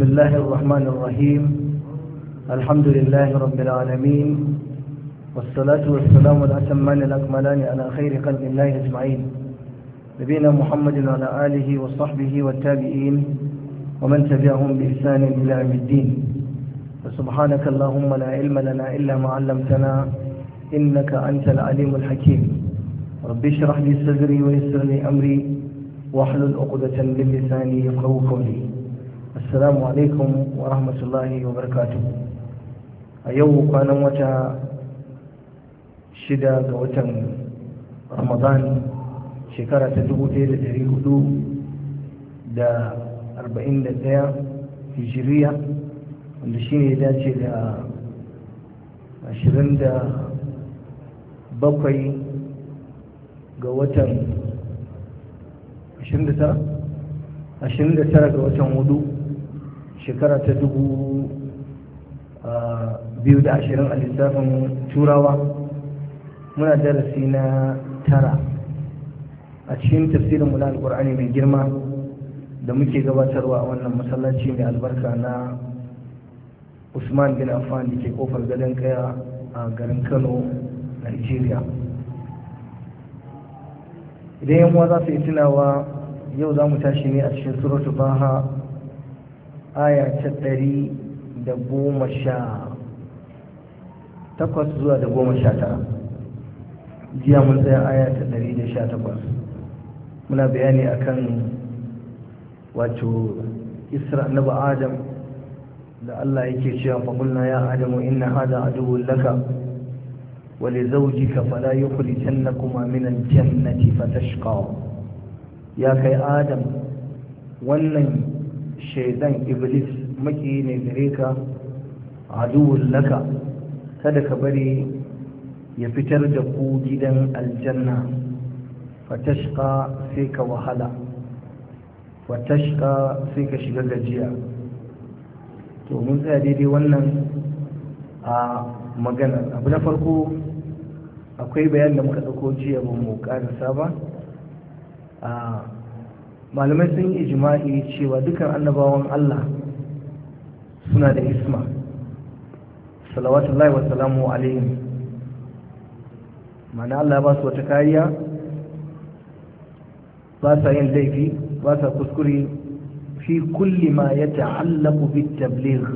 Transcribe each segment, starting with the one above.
بسم الله الرحمن الرحيم الحمد لله رب العالمين والصلاة والسلام الأتمان الأكملان على خير قلب الله أجمعين نبينا محمد وعلى آله وصحبه والتابعين ومن تبعهم بإحسان إلى يوم الدين فسبحانك اللهم لا علم لنا إلا ما علمتنا إنك أنت العليم الحكيم رب اشرح لي صدري ويسر لي أمري واحلل عقدة من لساني يفقهوا قولي assalamu alaikum wa rahmatullahi wa barakatuhu a yau kwanan wata shida ga watan ramadan shekara ta dubu ɗaya da ɗari hudu da arba'in da ɗaya hijiriya wanda shi ne dace da ashirin da bakwai ga watan ashirin da tara ga watan hudu shekara ta dubu biyu da ashirin a lissafin turawa muna darasi na tara a cikin tafsirin na Alƙur'ani mai girma da muke gabatarwa a wannan masallaci mai albarka na usman bin affan da ke kofar gadon kaya a garin kano nigeria idan yan za su yi tunawa yau za mu tashi ne a cikin suratu baha aya ta ɗari da goma sha takwas zuwa da goma sha tara jiya mun tsaya aya ta ɗari da sha takwas muna bayani akan wato isra annabi adam da Allah yake cewa faƙulna ya in na hada aduwwun laka wa li zawjika fala yukhrijannakuma min al ta fatashqa ya kai adam wannan shaidan iblis maki ne gare ka aduwun laka kada ka bari ya fitar da ku gidan aljanna fatashka sai ka wahala fatashka sai ka shiga gajiya to mun tsaya daidai wannan a maganar abu na farko akwai bayan da muka ɗauko jiya ba mu ƙarisa ba malamai sun yi ijma'i cewa dukan annabawan Allah suna da isma salawatullahi wa salamu alaihim mana Allah ba su wata kariya ba sa yin laifi ba sa kuskure fi kulli ma ya ta'allaku bi tabligh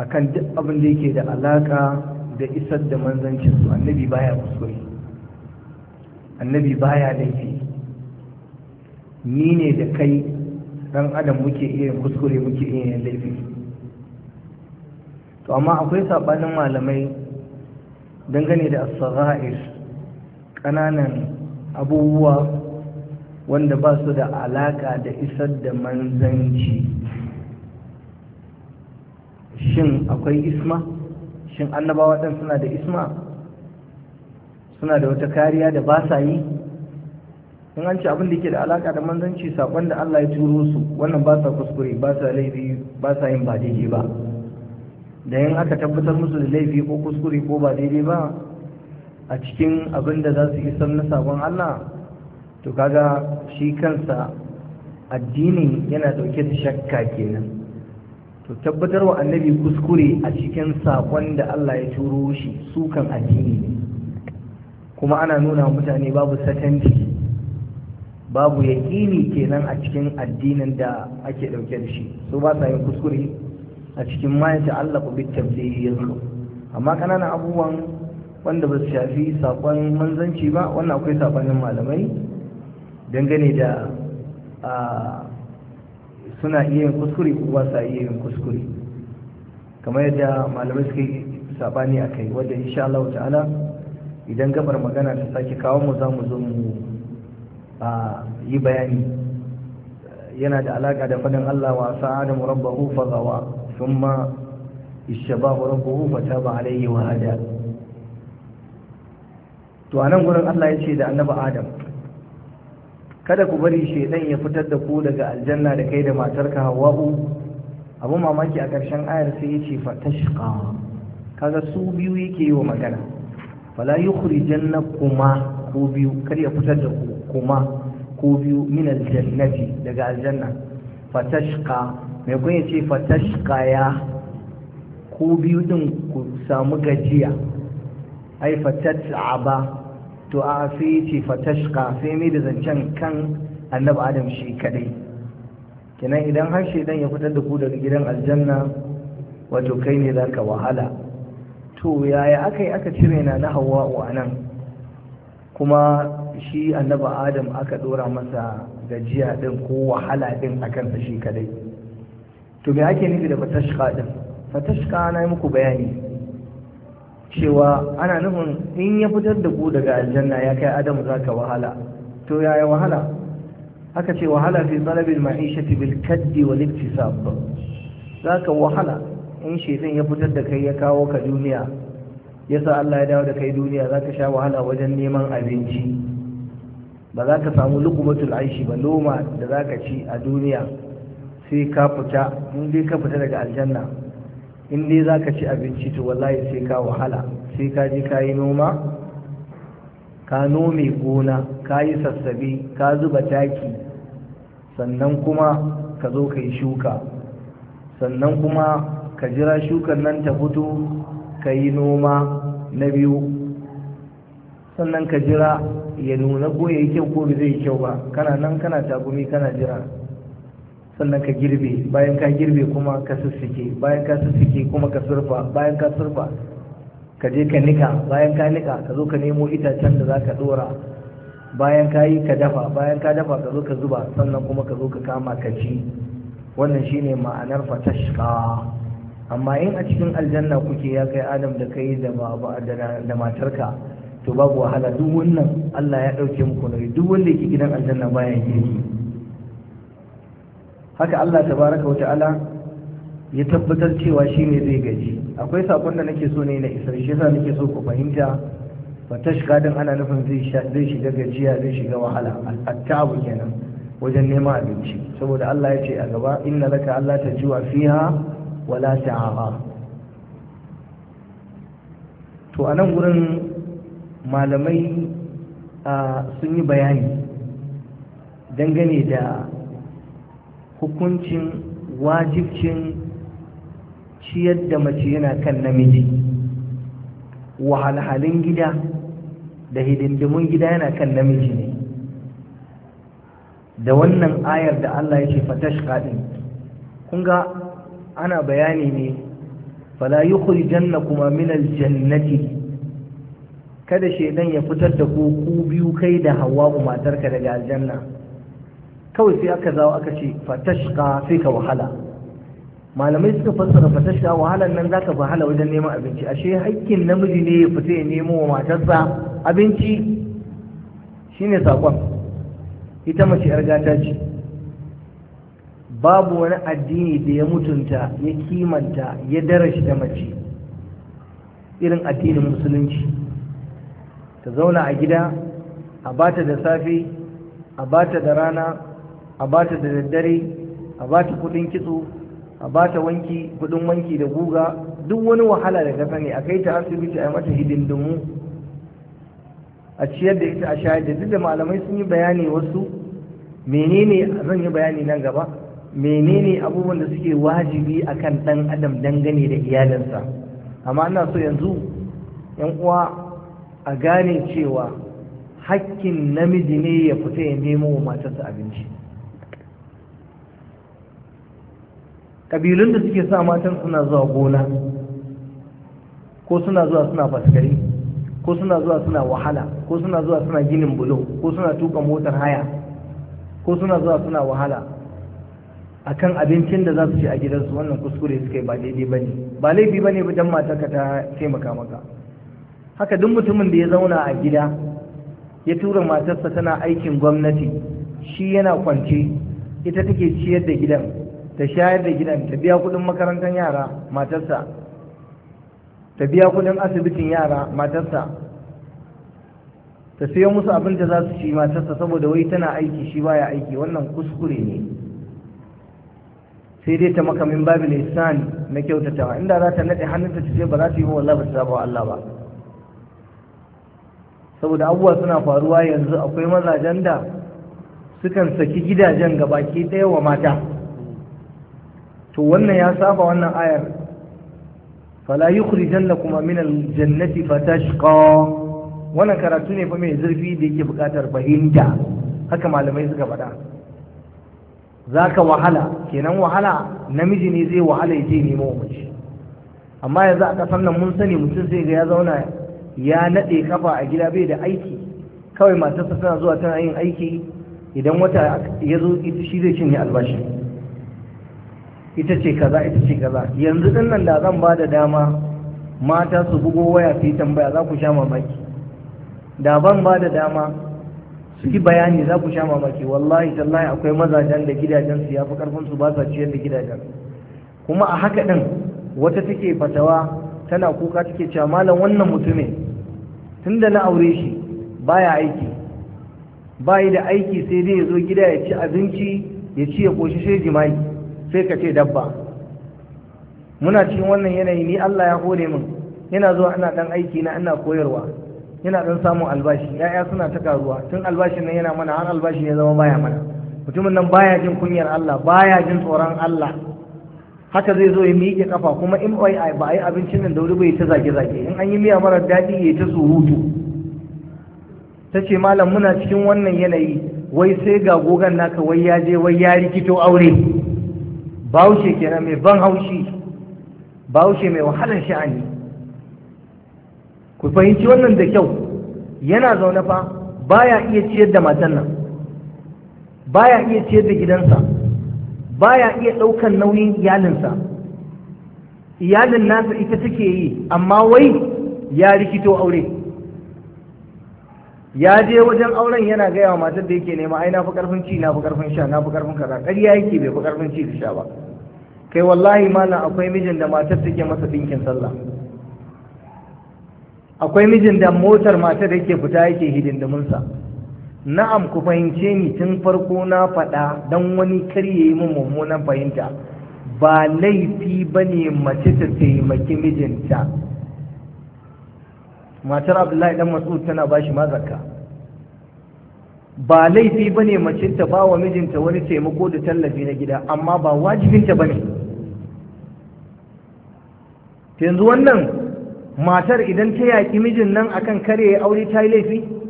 akan duk abin da yake da alaka da isar da manzancin su annabi baya kuskure annabi baya laifi ni ne da kai dan adam muke iya kuskure muke iya yin laifi to amma akwai saɓanin malamai dangane da as ƙananan kananan abubuwa wanda ba su da alaƙa da isar da manzanci shin akwai isma shin annabawa ɗan suna da isma suna da wata kariya da ba sa yi in an ce abin da ke da alaka da manzanci sakon da Allah ya turo su wannan ba sa kuskure ba sa laifi ba sa yin ba daidai ba da yin aka tabbatar musu da laifi ko kuskure ko ba daidai ba a cikin abin da za su isar na sakon Allah to kaga shi kansa addinin yana dauke da shakka kenan to tabbatar wa annabi kuskure a cikin sakon da Allah ya turo shi sukan addini ne kuma ana nuna mutane babu sakanci babu yaƙini kenan a cikin addinin da ake ɗauke da shi so ba sa yin kuskure a cikin ta Allah ku bi amma kananan abubuwan wanda ba su shafi sakon manzanci ba wannan akwai sakonin malamai dangane da suna iya yin kuskure ko ba sa iya yin kuskure kamar yadda malamai suka yi sabani a kai wadda insha Allah ta'ala idan gabar magana ta sake kawo mu za mu zo mu yi bayani yana da alaka da faɗin Allah wa sa'adam rabbahu fagawa thumma ishabahu rabbahu taba alayhi wa hada to anan gurin Allah ya ce da annabi Adam kada ku bari shedan ya fitar da ku daga aljanna da kai da matarka Hawwa'u abu mamaki a ƙarshen ayar sai ya ce fatashqa kaga su biyu yake yi wa magana fala yukhrijannakuma ku biyu kar ya fitar da ku kuma ko biyu min aljannati daga aljanna fatashqa mai kun yace fatashqa ya ko biyu din ku samu gajiya ai fatat'aba to a sai ce fatashqa sai mai da zancen kan annabi adam shi kadai kenan idan har shedan ya fitar da ku daga gidan aljanna wato kai ne zaka wahala to yaya aka yi aka cire na na hawa'u a nan kuma shi annaba adam aka dora masa gajiya din ko wahala din a kansa shi kadai to me ake nufi da fatashka din fatashka na yi muku bayani cewa ana nufin in ya fitar da ku daga aljanna ya kai adam za ka wahala to yaya wahala aka ce wahala fi talabin ma'ishati bil kaddi wal iktisab za ka wahala in shedan ya fitar da kai ya kawo ka duniya yasa Allah ya dawo da kai duniya zaka sha wahala wajen neman abinci ba za ka samu lukumatul aishi ba loma da za ka ci a duniya sai ka fita in dai ka fita daga aljanna in dai za ka ci abinci to wallahi sai ka wahala sai ka ji ka yi noma ka nome gona ka yi sassabe ka zuba taki sannan kuma ka zo ka yi shuka sannan kuma ka jira shukan nan ta fito ka yi noma na biyu sannan ka jira ya nuna ko ya yi kyau ko ba zai yi kyau ba kana nan kana tagumi kana jira sannan ka girbe bayan ka girbe kuma ka sussuke bayan ka sussuke kuma ka surfa bayan ka surfa ka je ka nika bayan ka nika ka zo ka nemo itacen da za ka dora bayan ka yi ka dafa bayan ka dafa ka zo ka zuba sannan kuma ka zo ka kama ka ci wannan shine ma'anar fatashka amma in a cikin aljanna kuke ya kai adam da kai da da matarka to babu wahala duk wannan Allah ya ɗauke muku nauyi duk wanda yake gidan aljanna baya girki haka Allah Ta baraka wa ta'ala ya tabbatar cewa shi ne zai gaji akwai sakon da nake so ne na isar shi yasa nake so ku fahimta fa tashka din ana nufin zai shiga gajiya zai shiga wahala at-ta'abu kenan wajen neman abinci saboda Allah ya ce a gaba inna laka Allah Ta jiwa fiha wala ta'ara to anan gurin malamai sun yi bayani dangane da hukuncin wajibcin ciyar da mace yana kan namiji wahalhalin gida da hidindimun gida yana kan namiji ne da wannan ayar da Allah ya ce fatash din kun ana bayani ne fala yukhrijannakum min aljannati kada shaidan ya fitar da ku ku biyu kai da hawa'u matarka daga aljanna kawai sai aka zawo aka ce fatashka sai ka wahala malamai suka fassara fatashka wahalan nan zaka wahala wajen neman abinci ashe haƙƙin namiji ne ya fita ya nemo wa matarsa abinci shine sakon ita mace yar gata ce babu wani addini da ya mutunta ya kimanta ya darashi da mace irin addinin musulunci ta zauna a gida a bata da safe a bata da rana a bata da daddare a bata kudin kitso a bata wanki kudin wanki da guga duk wani wahala da ka sani a kai ta asibiti a mata hidindimu a ciyar da ita a shayar da duk da malamai sun yi bayani wasu menene zan yi bayani nan gaba menene abubuwan da suke wajibi akan dan adam dangane da iyalinsa amma ina so yanzu yan uwa a gane cewa hakkin namiji ne ya fita ya nemo wa matarsa abinci ƙabilun da suke sa matan suna zuwa gona ko suna zuwa suna faskari ko suna zuwa suna wahala ko suna zuwa suna ginin bulo ko suna tuka motar haya ko suna zuwa suna wahala a kan abincin da za su ci a gidansu wannan kuskure suka yi ba daidai ba ne ba laifi ba ne don matarka ta taimaka maka haka duk mutumin da ya zauna a gida ya tura matarsa tana aikin gwamnati shi yana kwance ita take ciyar da gidan ta shayar da gidan ta biya kudin makarantar yara matarsa ta biya kudin asibitin yara matarsa ta sayo musu abin da za su ci matarsa saboda wai tana aiki shi baya aiki wannan kuskure ne sai dai ta makamin babu lisan na kyautatawa inda za ta naɗe hannunta ta ce ba za ta yi wa Allah ba ta zaba Allah ba saboda abubuwa suna faruwa yanzu akwai mazajen da sukan saki gidajen gabaki ɗaya wa mata to wannan ya saba wannan ayar fala yukhrijannakum min aljannati fatashqa wannan karatu ne fa mai zurfi da yake buƙatar fahimta haka malamai suka faɗa Za ka wahala kenan wahala namiji ne zai wahala ya je nemo mace amma yanzu a ƙasar nan mun sani mutum sai ga ya zauna ya naɗe kafa a gida bai da aiki kawai matarsa tana zuwa tana yin aiki idan wata ya zo ita shi zai cinye albashi ita ce kaza ita ce kaza yanzu din nan da zan ba da dama mata su bugo waya su yi tambaya za ku sha mamaki da ban ba da dama su yi bayani za ku sha mamaki wallahi tallahi akwai mazajen da gidajen su ya fi karfin su ba sa ciyar da gidajen kuma a haka din wata take fatawa tana kuka take cewa malam wannan mutumin tunda na aure shi baya aiki bayi da aiki sai dai ya zo gida ya ci abinci ya ci ya koshi sai jima'i sai ka ce dabba muna cikin wannan yanayi ni Allah ya hore min yana zuwa ina dan aiki na ina koyarwa yana dan samun albashi ya'ya suna ta karuwa tun albashin nan yana mana har albashi ne zama baya mana mutumin nan baya jin kunyar Allah baya jin tsoron Allah haka zai zo ya miƙe kafa kuma in ba a yi abincin nan da wuri bai ta zage-zage in an yi miya mara daɗi ya ta surutu ta ce malam muna cikin wannan yanayi wai sai ga gogan naka wai ya je wai ya rikito aure bahaushe kenan mai ban haushi bahaushe mai wahalar sha'ani ku fahimci wannan da kyau yana zaune fa baya iya ciyar da matan nan baya iya ciyar da gidansa baya iya ɗaukan nauyin iyalinsa iyalin nasa ita take yi amma wai ya rikito aure ya je wajen auren yana gaya wa matar da yake nema ai na fi karfin ci na fi karfin sha na fi karfin kaza ƙarya yake bai fi karfin ci da sha ba kai wallahi mana akwai mijin da matar take masa dinkin sallah akwai mijin da motar matar yake fita yake sa na'am ku fahimce ni tun farko na faɗa don wani karye yi min mummunan fahimta ba laifi ba ne mace ta taimaki mijinta matar abdullahi dan mas'ud tana ba shi mazaka ba laifi ba ne mace ta ba wa mijinta wani taimako da tallafi na gida amma ba wajibinta ba ne yanzu wannan matar idan ta yaƙi mijin nan akan kare ya aure ta yi laifi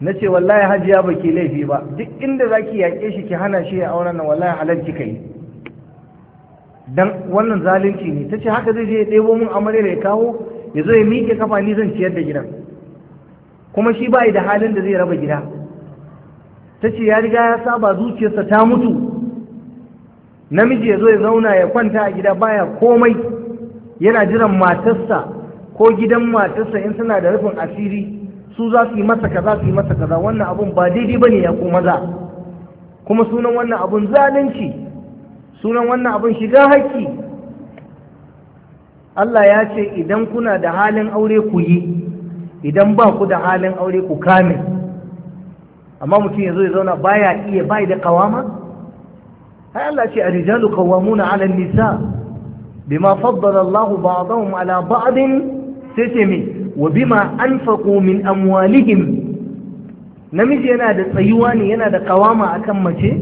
na ce wallahi hajiya ba ke laifi ba duk inda za ki yaƙe shi ki hana shi ya auren nan wallahi halarci kika yi dan wannan zalunci ne ta ce haka zai je ya ɗebo mun amarya da ya kawo ya zo ya miƙe kafa ni zan ciyar da gidan kuma shi ba da halin da zai raba gida ta ce ya riga ya saba zuciyarsa ta mutu namiji ya zo ya zauna ya kwanta a gida baya komai yana jiran matarsa ko gidan matarsa in suna da rufin asiri su za su yi masa kaza su yi masa kaza wannan abun ba daidai bane ya ko maza kuma sunan wannan abun zalunci sunan wannan abun shiga haƙƙi Allah ya ce idan kuna da halin aure ku yi idan ba ku da halin aure ku kame amma mutum ya zo ya zauna baya iya ba da kawama ai Allah ce arijalu qawwamuna 'ala nisa bima faddala Allahu ba'dahum 'ala ba'din sai ce me wa bima faƙo min amwalihim namiji yana da tsayuwa ne yana da kawama akan mace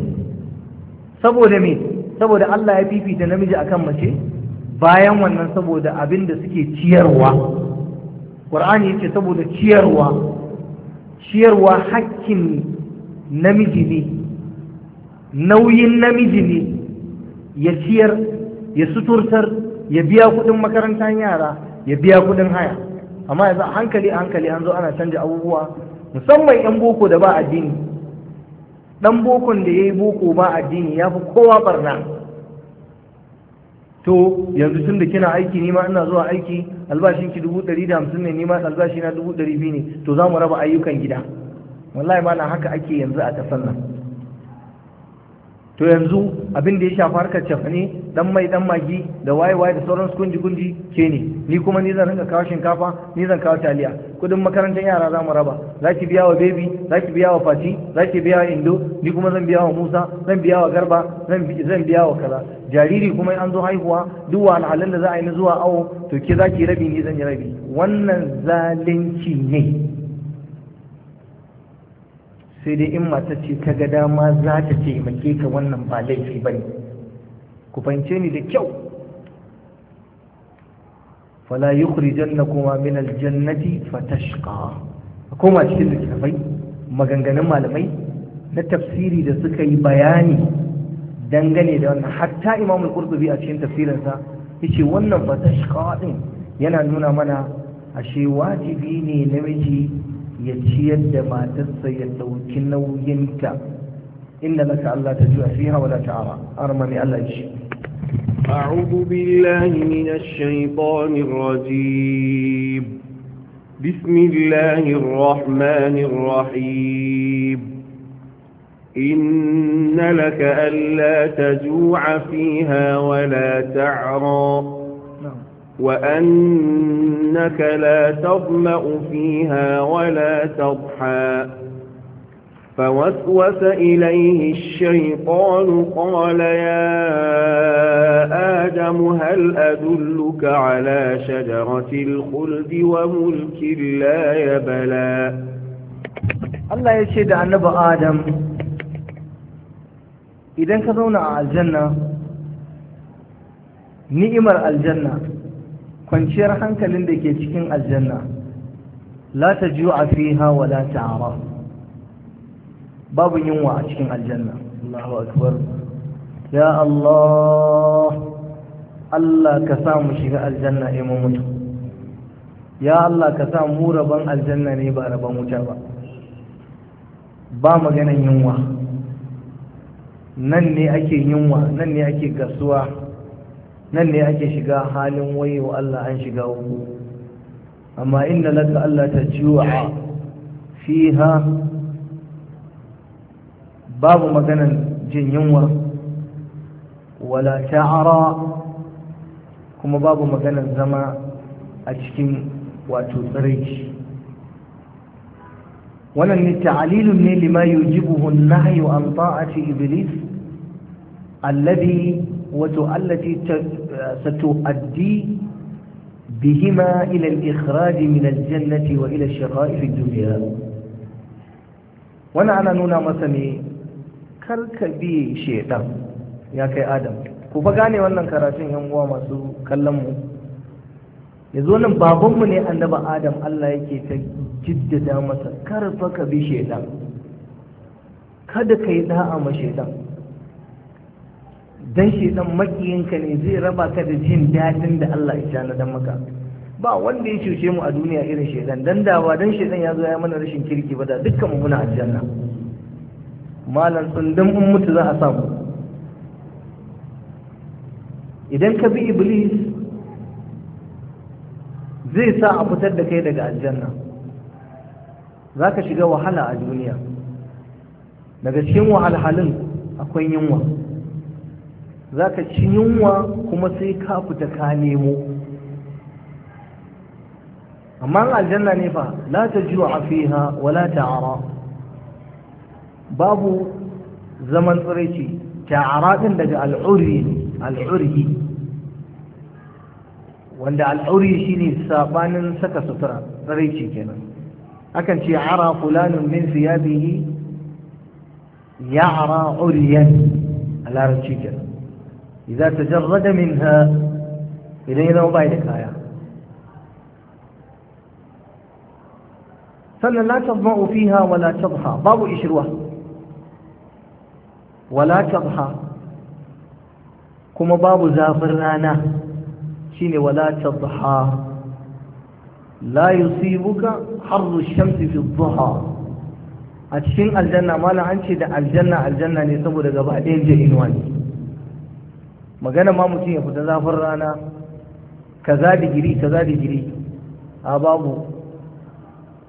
saboda me saboda Allah ya fifita namiji akan mace bayan wannan saboda abin da suke ciyarwa ya yace saboda ciyarwa ciyarwa hakkin namiji ne nauyin namiji ne ya ciyar ya suturtar ya biya kuɗin makarantar yara ya biya kuɗin haya amma yanzu hankali a hankali an zo ana canja abubuwa musamman 'yan boko da ba addini ɗan bokon da ya yi boko ba addini ya fi kowa barna to yanzu tun da kina aiki nima ina zuwa aiki albashin ki dubu ɗari da hamsin ne nima albashi na dubu ɗari biyu ne to za mu raba ayyukan gida wallahi ba na haka ake yanzu a ƙasar nan to yanzu abin da ya shafa harkar cafane dan mai dan magi da waye waye da sauran kunji kunji ke ne ni kuma ni zan rinka kawo shinkafa ni zan kawo taliya kudin makarantar yara za mu raba za ki biya wa baby za ki biya wa fati za ki biya wa indo ni kuma zan biya wa musa zan biya wa garba zan biya wa kaza jariri kuma an zo haihuwa duk wa alhalin da za a yi na zuwa awo to ke za ki rabi ni zan yi rabi wannan zalunci ne sai dai in mata ce ta ga dama za ta taimake ka wannan ba laifi ba ne ku fahimce ni da kyau fala yukhrijan na kuma min aljannati A koma cikin littafai maganganun malamai na tafsiri da suka yi bayani dangane da wannan hatta imamul qurtubi a cikin tafsirinsa yace wannan fatashqa din yana nuna mana ashe wajibi ne namiji ya ciyar da matarsa ya ɗauki nauyinta inda laka Allah ta juya fiha wa la ta'ara armani Allah shi أعوذ بالله من الشيطان الرجيم بسم الله الرحمن الرحيم إن لك ألا تجوع فيها ولا تعرى وأنك لا تظمأ فيها ولا تضحى فوسوس إليه الشيطان قال يا آدم هل أدلك على شجرة الخلد وملك لا يبلى الله يشهد عن نبأ آدم إذا كذونا على الجنة نئمر الجنة kwanciyar hankalin da ke cikin aljanna la ta ju'a fiha wa la ara babu yunwa a cikin aljanna Allahu akbar ya Allah Allah ka sa mu shiga aljanna ne mu mutu ya Allah ka sa mu rabon aljanna ne ba rabon wuta ba ba maganan yunwa nan ne ake yunwa nan ne ake gasuwa nan ne ake shiga halin wa Allah an shiga uku amma inna laka Allah ta jiwa fiha babu maganan jin yunwa wala ta'ara kuma babu maganan zama a cikin wato tsiraici wannan ne ta'alilun ne lima yujibuhu an-nahyu an ta'ati iblis alladhi wato allati ستؤدي بهما إلى الإخراج من الجنة وإلى الشقاء في الدنيا wani ana nuna masa ne karkabi shaidan ya kai adam ku fa gane wannan karatun yan uwa masu kallon mu yanzu nan babanmu ne annaba adam Allah yake ta jiddada masa karfa ka bi shaidan kada ka yi da'a ma shaidan dan shedan makiyinka ne zai raba ka da jin dadin da Allah ya tanadan maka ba wanda ya cuce mu a duniya irin shedan dan da ba dan shedan ya zo ya mana rashin kirki ba da dukkan mu muna aljanna malan tsundan mun mutu za a samu idan ka bi iblis zai sa a fitar da kai daga aljanna za ka shiga wahala a duniya daga cikin wahalhalin akwai yunwa za ka ci yunwa kuma sai ka fita ka nemo amma aljanna ne fa la ta ji wa fiha wala ara. babu zaman tsiraici ta'ara din daga al'uri ne al'urhi wanda al'uri shine sabanin saka sutura tsiraici kenan akan ce ara fulanin min siyabihi ya'ra uryan a larabci kenan إذا تجرد منها إلينا وبعدك آية فلا لا تضمأ فيها ولا تضحى باب إشروة ولا تضحى كما باب زافرنانا شين ولا تضحى لا يصيبك حر الشمس في الضحى أتشين الجنة ما لا أنشد الجنة الجنة نسبه لقبائل جهنواني magana ma mutum ya fita zafin rana kaza digiri kaza digiri a babu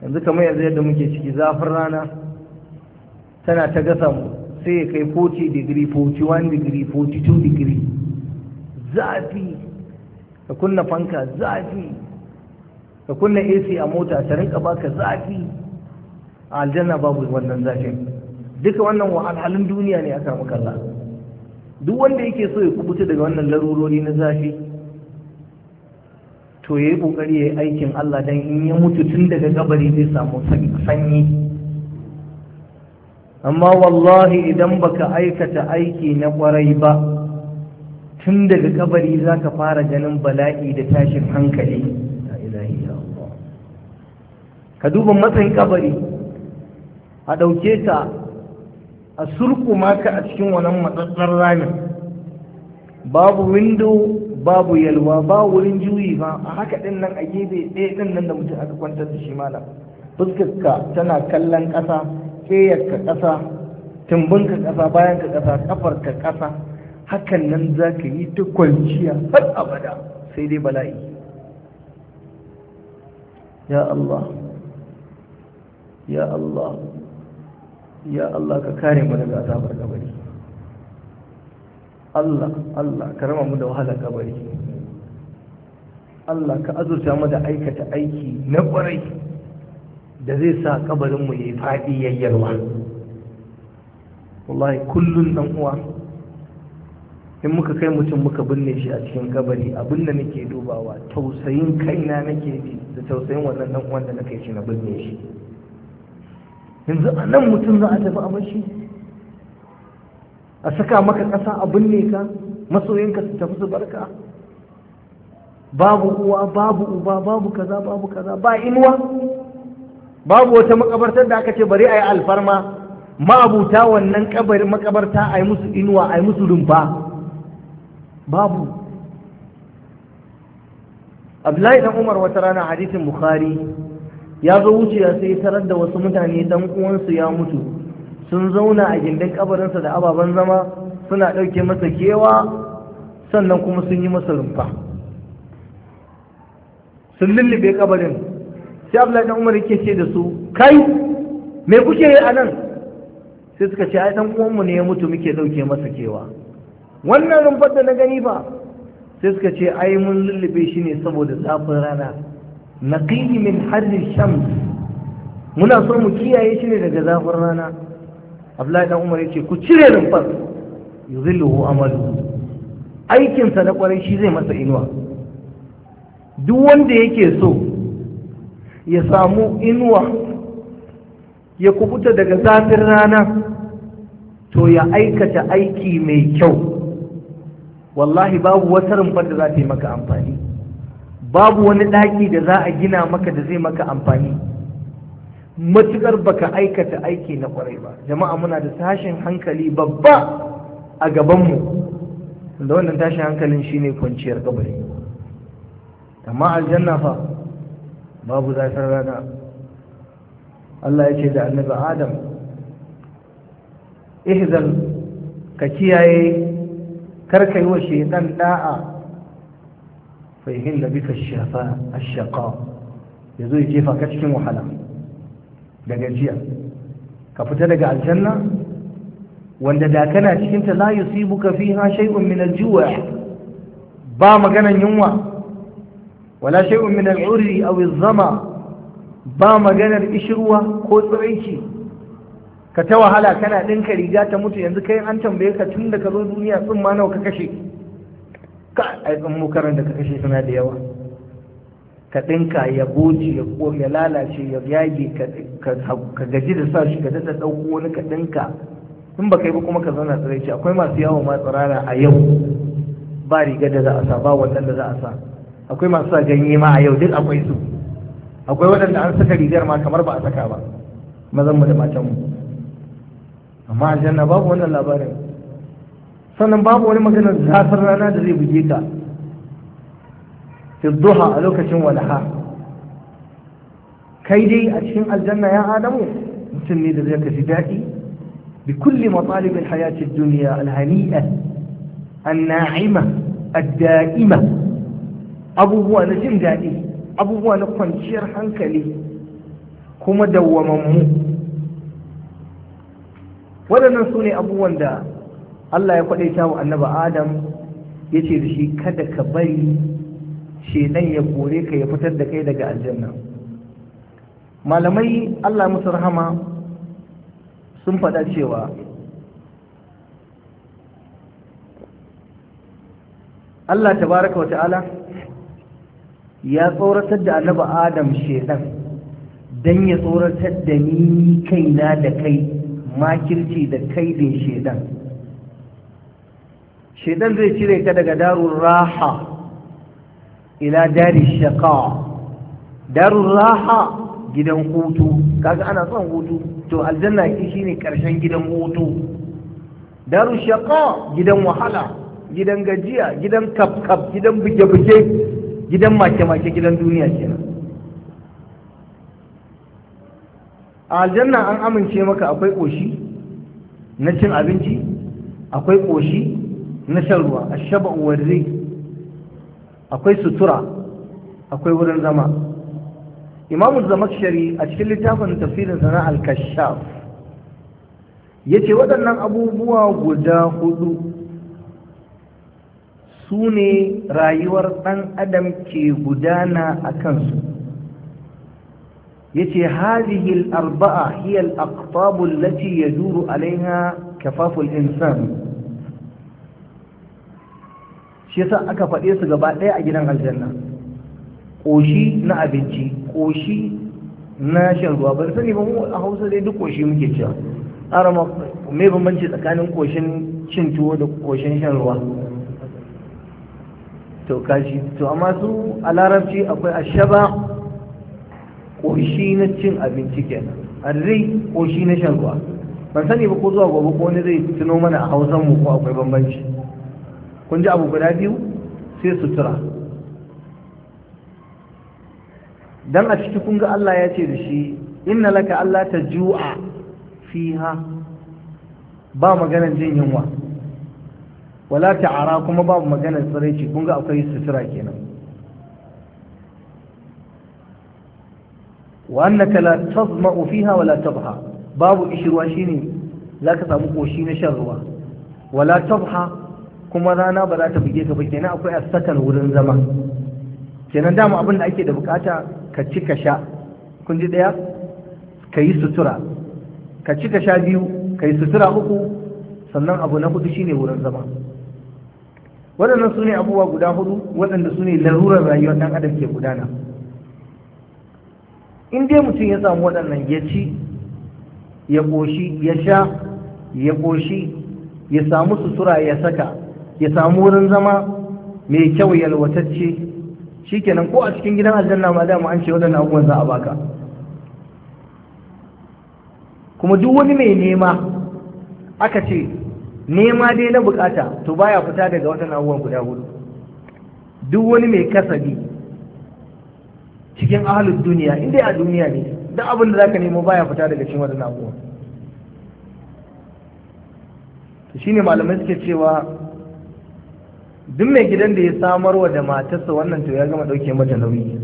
yanzu kamar yanzu yadda muke ciki zafin rana tana ta gasa mu sai ya kai 40 digiri 41 digiri 42 digiri zafi ka kunna fanka zafi ka kunna ac a mota ta rinka baka zafi a aljanna babu wannan zafin duka wannan wa wahalhalun duniya ne aka makalla duk wanda yake so ya kubuta daga wannan larurori na zafi to ya yi ƙoƙari ya yi aikin Allah don in ya mutu tun daga gabari zai samu sanyi amma wallahi idan baka aikata aiki na kwarai ba tun daga kabari za ka fara ganin bala'i da tashin hankali ka duba matsayin kabari a ɗauke ka a surku maka a cikin wannan matsatsar ramin babu window babu yalwa ba wurin juyi ba a haka din nan a gefe ɗaya din nan da mutum aka kwantar da shi mana. fuskarka tana kallon ƙasa ƙeyarka ƙasa tumbinka ƙasa bayanka ƙasa ƙafarka ƙasa hakan nan za ka yi ta kwanciya har abada sai dai bala'i ya Allah ya Allah ya Allah ka kare mu daga azabar kabari Allah Allah ka rama mu da wahalar kabari Allah ka azurta mu da aikata aiki na kwarai da zai sa kabarin mu yayi fadi yayyarwa wallahi kullun dan uwa in muka kai mutum muka binne shi a cikin kabari abin da nake dubawa tausayin kaina nake ji da tausayin wannan dan uwan da nake shi na binne shi yanzu a nan mutum za a tafi a bashi a saka maka ƙasa a ne ka masoyinka su tafi su barka babu uwa babu uba babu kaza babu kaza ba inuwa babu wata makabartar da aka ce bari a yi alfarma ma'abuta wannan kabarin makabarta a yi musu inuwa a yi musu rumfa babu abdullahi dan umar wata rana hadisin bukhari ya zo wuciya sai tarar da wasu mutane dan uwansu ya mutu sun zauna a gindin kabarinsa da ababen zama suna ɗauke masa kewa sannan kuma sun yi masa rumfa sun lullube kabarin sai abdullahi dan umar yake ce da su kai me kuke yi a nan sai suka ce ai dan uwanmu ne ya mutu muke ɗauke masa kewa wannan rumfar da na gani ba sai suka ce ai mun lullube shi ne saboda zafin rana naqihi min harri shams muna so mu kiyaye shi ne daga zafin rana Abdullahi dan Umar yace ku cire rumfar yuzilluhu amalu aikinsa na kwarai shi zai masa inuwa duk wanda yake so ya samu inuwa ya kubuta daga zafin rana to ya aikata aiki mai kyau wallahi babu wata rumfar da za ta yi maka amfani babu wani ɗaki da za a gina maka da zai maka amfani matukar baka aikata aiki na kwarai ba jama'a muna da tashin hankali babba a gabanmu da wannan tashin hankalin shine kwanciyar kabari amma aljanna fa babu zafin rana Allah ya ce da annabi Adam ihzan ka kiyaye ka yi wa shaitan da'a fa ihinna bika shafa ashqa yazo ya jefa ka cikin wahala da gajiya ka fita daga aljanna wanda da kana cikin ta la yusibuka fiha shay'un min al-ju' ba maganan yunwa wala shay'un min al-urri aw ba maganar ishirwa ko aiki. ka ta wahala kana ɗinka riga ta mutu yanzu kai an tambaye ka tun da ka zo duniya tsin ma nawa ka kashe ka aibin mukarar da ka kashe suna da yawa ka ɗinka ya goce ya ƙomi ya lalace ya yage ka gaji da sa shi ka daɗa ɗauko wani ka ɗinka in ba kai ba kuma ka zauna tsiraici akwai masu yawo ma tsirara a yau ba riga da za a sa ba wannan da za a sa akwai masu sa ganye ma a yau duk akwai su akwai waɗanda an saka rigar ma kamar ba a saka ba mu da mu. amma a janna babu wannan labarin sannan babu wani magana zafin rana da zai buge ka duha a lokacin walaha kai dai a cikin aljanna ya adamu mutum ne da zai kashi daɗi bi kulli matsalibin hayacin duniya alhani'a anna'ima adda'ima abubuwa na jin daɗi abubuwa na kwanciyar hankali kuma dawwamammu waɗannan su ne abubuwan da Allah ya ta wa annaba Adam ya ce da shi kada ka bari nan ya kore ka ya fitar da kai daga aljanna malamai Allah musu rahama sun faɗa cewa Allah tabaraka wa ta'ala ya tsoratar da annaba Adam shedan dan ya tsoratar da ni kaina da kai makirci da kai kaidin shedan shedan zai cire ka daga darun raha ila dari shaka darun raha gidan hutu kaga ana son hutu to aljanna ki ne karshen gidan hutu darun shaka gidan wahala gidan gajiya gidan kafkaf gidan buge-buge gidan make-make gidan duniya ce. a aljanna an amince maka akwai ƙoshi na cin abinci akwai ƙoshi na shan ruwa a shaba'un warri akwai sutura akwai wurin zama imamu zamakshari a cikin littafin tafsirin sana al-kashaf ya ce waɗannan abubuwa guda hudu su ne rayuwar ɗan adam ke gudana a kansu ya ce hazihil arba'a hiyar aqtabul lati ya duru alaiha kafaful insan shi yasa aka faɗe su gaba ɗaya a gidan aljanna ƙoshi na abinci ƙoshi na shan ruwa ban sani ba mu a hausa dai duk ƙoshi muke cewa ma me bambanci tsakanin ƙoshin cin tuwo da ƙoshin shan ruwa to kashi to amma su a larabci akwai ashaba ƙoshi na cin abinci kenan arri ƙoshi na shan ruwa ban sani ba ko zuwa gobe ko wani zai tuno mana a hausa mu ko akwai bambanci kun ji abu guda biyu sai sutura Don a ciki kunga Allah ya ce da shi inna laka Allah ta ju'a fiha ba maganar jin yunwa wala ta ta'ara kuma babu maganar tsiraici kunga akwai sutura kenan wa annaka la tazma'u fiha wala tabha babu ishirwa shine ka samu koshi na shan ruwa wala tabha kuma rana ba za ta buge ka ba kenan akwai asakan wurin zama kenan dama abin da ake da bukata ka ci ka sha kun ji daya ka yi sutura ka ci ka sha biyu ka yi sutura uku sannan abu na hudu shine wurin zama waɗannan su ne abubuwa guda hudu waɗanda su ne larurar rayuwar ɗan adam ke gudana in dai mutum ya samu waɗannan ya ci ya ƙoshi ya sha ya ƙoshi ya samu sutura ya saka ya samu wurin zama mai kyau yalwatacce kenan ko a cikin gidan aljanna ma dama an ce waɗannan abubuwan za a baka kuma duk wani mai nema aka ce nema dai na bukata to baya fita daga waɗannan abubuwan guda hudu duk wani mai kasabi cikin ahalin duniya inda a duniya ne duk abin da zaka nemo baya fita daga cikin waɗannan abubuwan to shine malamai suke cewa duk mai gidan da ya samar wa da matarsa wannan to ya gama ɗauke mata nauyi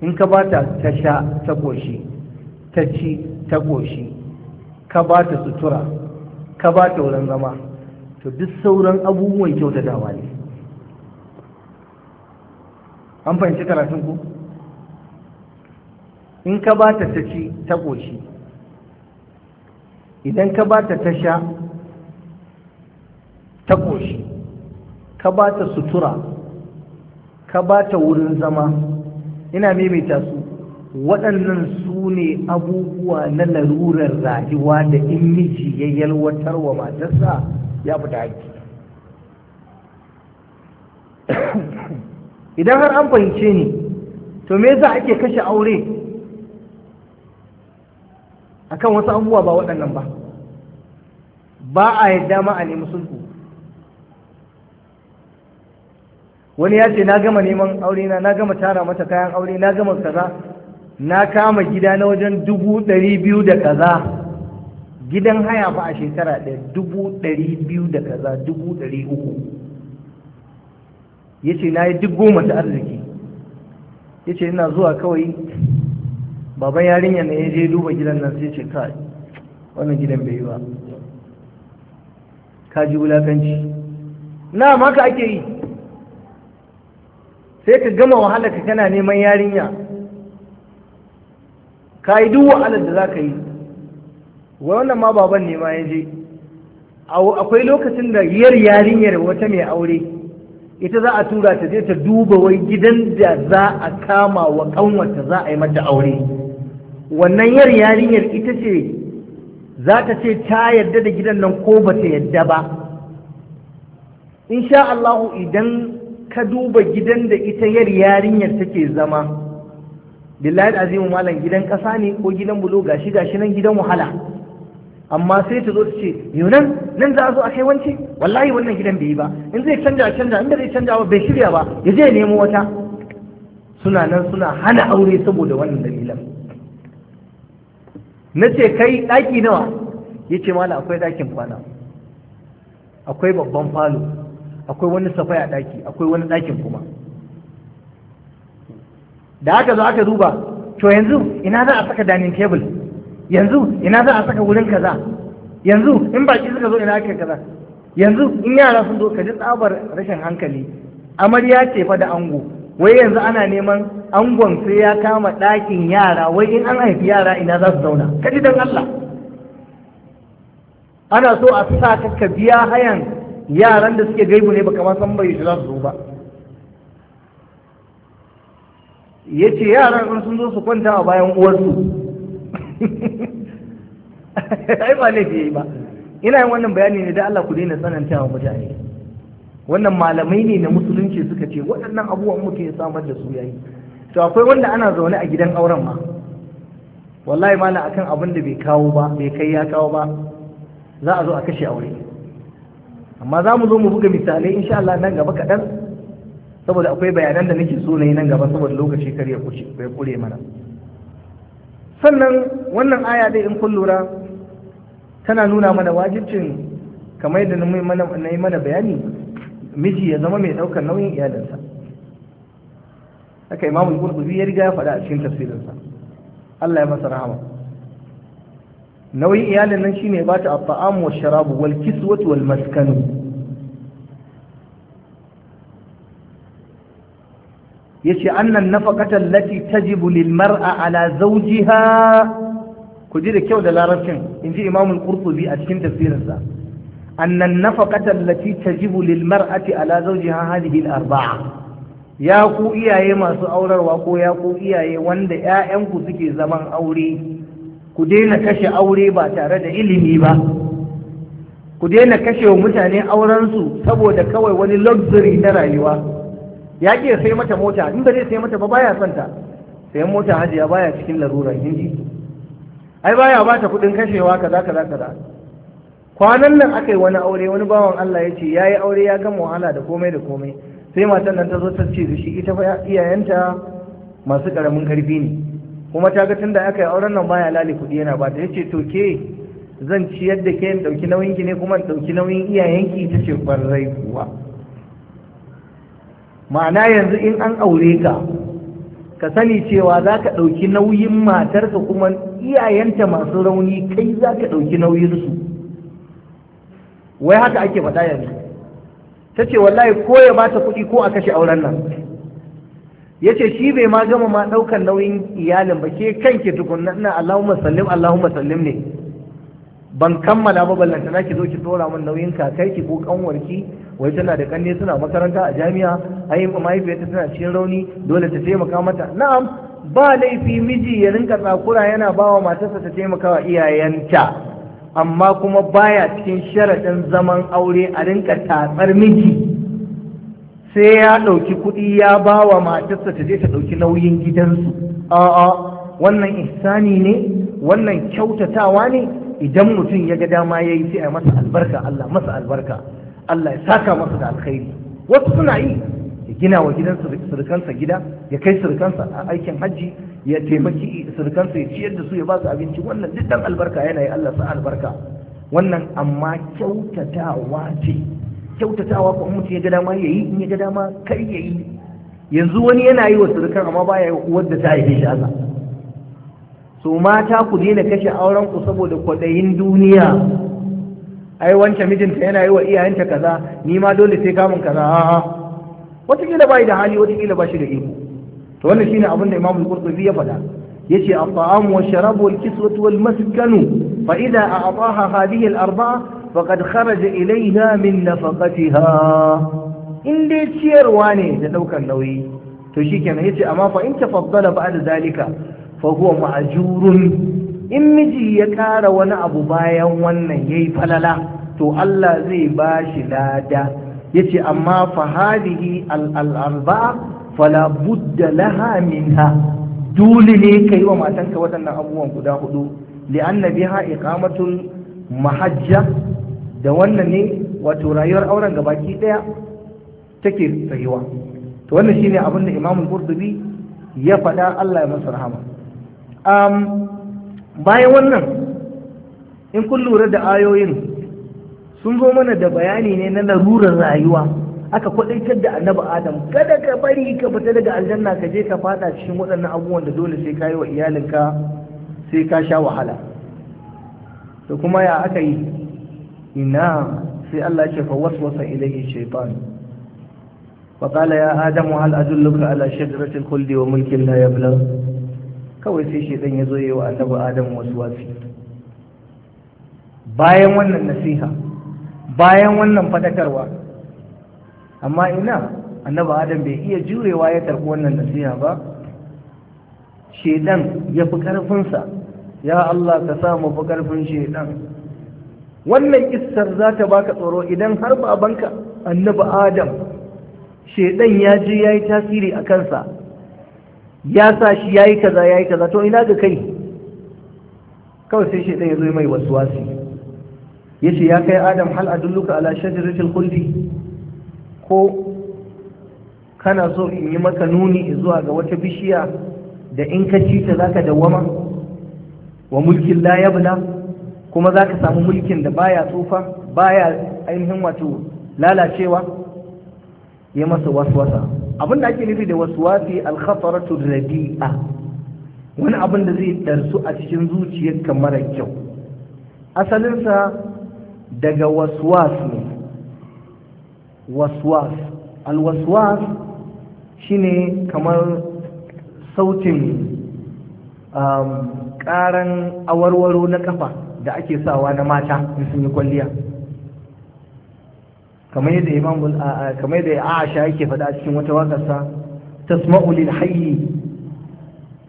in ka ba ta ta sha ta goshi ta ci ta goshi ka ba ta sutura ka ba ta wurin zama to duk sauran abubuwan kyau dama ne an fahimci karatun ku in ka ba ta ta ci ta goshi idan ka ba ta ta sha ta ƙoshi ka ba ta sutura ka ba ta wurin zama ina maimaita su waɗannan su ne abubuwa na larurar rayuwa da in miji ya yalwatar wa matarsa ya fita haƙi idan har an fahimce ni to me za ake kashe aure akan wasu abubuwa ba waɗannan ba ba a yadda ma a nemi sulhu wani ya ce na gama neman aure na na gama tara mata kayan aure na gama kaza na kama gida na wajen dubu ɗari biyu da kaza gidan haya fa a shekara ɗaya dubu ɗari biyu da kaza dubu ɗari uku ya ce na yi duk goma ta arziki ya ce ina zuwa kawai baban yarinya na ya je duba gidan nan sai ce kai wannan gidan bai yi ba ka ji wulakanci na maka ake yi sai ka gama wahala ka kana neman yarinya ka yi duk wahalar da za ka yi wannan ma baban nema ya je akwai lokacin da yar yarinyar wata mai aure ita za a tura ta je ta duba wai gidan da za a kama wa kanwarta za a yi mata aure wannan yar yarinyar ita ce za ta ce ta yarda da gidan nan ko ba ta yarda ba sha Allahu idan ka duba gidan da ita yar yarinyar take zama billahi azimu malam gidan kasa ne ko gidan bulo gashi gashi nan gidan wahala amma sai ta zo ta ce yunan nan za a zo a kai wance wallahi wannan gidan bai yi ba in zai canja canja in zai canja ba bai shirya ba ya je nemo wata suna nan suna hana aure saboda wannan dalilan na ce kai ɗaki nawa ya ce mala akwai ɗakin kwana akwai babban falo akwai wani safai a ɗaki akwai wani ɗakin kuma da aka zo aka duba to yanzu ina za a saka dining table yanzu ina za a saka wurin kaza yanzu in baki suka zo ina aka kaza yanzu in yara sun zo ka ji tsabar rashin hankali amarya ce fa da ango wai yanzu ana neman angon sai ya kama ɗakin yara wai in an haifi yara ina za su zauna ka ji don Allah ana so a sa ka biya hayan yaran da suke gaibu ne ba kama san bai za su zo ba ya ce yaran sun zo su kwanta a bayan uwarsu ai ba ne yi ba ina yin wannan bayani ne da Allah ku daina tsananta wa mutane wannan malamai ne na musulunci suka ce waɗannan abubuwan muke samar da su yayi to akwai wanda ana zaune a gidan auren ma wallahi mala akan abin da bai kawo ba bai kai ya kawo ba za a zo a kashe aure amma za mu zo mu buga misalai insha Allah nan gaba kaɗan saboda akwai bayanan da nake so na yi nan gaba saboda lokaci kar ya kure mana sannan wannan aya dai in kun lura tana nuna mana wajibcin kamar yadda na yi mana bayani miji ya zama mai ɗaukar nauyin iyalinsa haka imamu ya riga ya faɗa a cikin tafsirinsa Allah ya masa rahama nauyin iyalin nan shine ba ta at'am wa sharabu wal kiswatu wal maskanu yace annan nafaqata allati tajibu lil mar'a ala zawjiha ku ji da kyau da larabcin inji imam al-qurtubi a cikin tafsirinsa annan nafaqata allati tajibu lil mar'ati ala zawjiha hadhihi al-arba'a ya ku iyaye masu aurarwa ko ya ku iyaye wanda 'ya'yanku suke zaman aure ku daina kashe aure ba tare da ilimi ba ku daina kashe wa mutane aurensu saboda kawai wani luxury na rayuwa ya ke sai mata mota in ba zai sai mata ba baya son ta Sai mota hajiya baya cikin larurar hindi ai baya ba ta kudin kashewa kaza kaza kaza kwanan nan aka yi wani aure wani bawan Allah ya ce ya yi aure ya gama wahala da komai da komai sai matan nan ta zo ta ce da shi ita fa iyayenta masu karamin karfi ne kuma ta ga tunda aka yi auren nan baya lali kuɗi yana ba ta yace to ke zan ciyar da ke in ɗauki nauyin ki ne kuma in ɗauki nauyin iyayenki ta ce ƙwarai kuwa ma'ana yanzu in an aure ka ka sani cewa za ka ɗauki nauyin matarka kuma iyayenta masu rauni kai za ka ɗauki nauyinsu wai haka ake faɗa yanzu ta ce wallahi ko ya ba ta kuɗi ko a kashe auren nan ya ce shi bai ma gama ma ɗaukar nauyin iyalin ba ke kanki tukunna ina Allahumma sallim Allahumma sallim ne ban kammala ba ballanta na ki zo ki tsora min nauyin kakarki ko kanwarki wai tana da kanne suna makaranta a jami'a ai mahaifiyarta tana cikin rauni dole ta taimaka mata na'am ba laifi miji ya rinka tsakura yana ba wa matarsa ta taimaka wa iyayenta amma kuma baya cikin sharaɗin zaman aure a rinka tatsar miji sai ya ɗauki kuɗi ya ba wa matarsa ta je ta ɗauki nauyin gidansu a'a wannan ihsani ne wannan kyautatawa ne idan mutum ya ga dama ya yi sai a masa albarka Allah masa albarka Allah ya saka masa da alkhairi wasu suna yi ya gina wa gidan surukansa gida ya kai surukansa a aikin hajji ya taimaki surukansa ya ciyar da su ya ba su abinci wannan duk dan albarka yana yi Allah sa albarka wannan amma kyautatawa ce kyautatawa ko mutum ya ga dama ya yi, in ya ga dama kai ya yi. yanzu wani yana yi wa surukan amma ba ya yi uwar da ta haife shi haka so mata ku daina kashe auren ku saboda kwaɗayin duniya ai wancan mijinta yana yi wa iyayenta kaza ni ma dole sai kamun kaza a'a wataƙila bai da hali wataƙila ba shi da iko to wannan shine abin da Imam Al-Qurtubi ya faɗa yace at-ta'am wa sharabu wal kiswatu wal maskanu fa idha a'taha hadhihi al-arba'a faqad kharaja ilaiha min nafaqatiha in dai ciyarwa ne da daukar nauyi to shikenan yace amma fa in tafaddala ba'da zalika fa huwa ma'jurun in miji ya ƙara wani abu bayan wannan yayi falala to Allah zai bashi lada yace amma fa hadihi al-arba fala budda laha minha dole ne kai wa matanka waɗannan abubuwan guda hudu li'anna biha iqamatul mahajja da wannan ne wato rayuwar auren gabaki daya take rayuwa. to wannan shine abin da Imam Qurtubi ya faɗa Allah ya masa rahama um, bayan wannan in kun lura da ayoyin sun zo mana da bayani ne na larurar rayuwa aka kwadaitar da annabi adam kada ka bari ka fita daga aljanna ka je ka fada cikin waɗannan abubuwan da dole sai ka yi wa iyalinka sai ka sha wahala to kuma ya aka yi ina sai Allah ce fa waswasa ilayhi shaytan wa qala ya adamu hal adulluka ala shajaratil khuldi wa mulkin la yabla kawai sai shaytan yazo yayi wa annabi adam waswasi bayan wannan nasiha bayan wannan fadakarwa amma ina annabi adam bai iya jurewa ya karɓi wannan nasiha ba shaytan ya fi ƙarfinsa ya Allah ka sa mu fi ƙarfin shaytan wannan kissar za ta baka tsoro idan har babanka annabi adam shedan ya je ya yi tasiri a kansa ya sa shi ya yi kaza ya yi kaza to ina ga kai kawai sai shedan ya zo mai wasuwasi ya ce ya kai adam hal adulluka ala shajaratil khuldi ko kana so in yi maka nuni zuwa ga wata bishiya da in ka ci ta zaka dawwama wa mulkin la yabla kuma za ka samu mulkin da baya tsufa baya ainihin wato lalacewa ya masa waswasa abin da ake nufi da waswasi alkhataratu radi'a wani abin da zai darsu a cikin zuciyar kamar kyau asalinsa daga waswas ne waswas alwaswas shine kamar sautin um, ƙaran awarwaro na kafa da ake sawa na mata in sun yi kwalliya kamar yadda imam kamar yadda Aisha yake faɗa a cikin wata wakarsa, tasma'u lil hayyi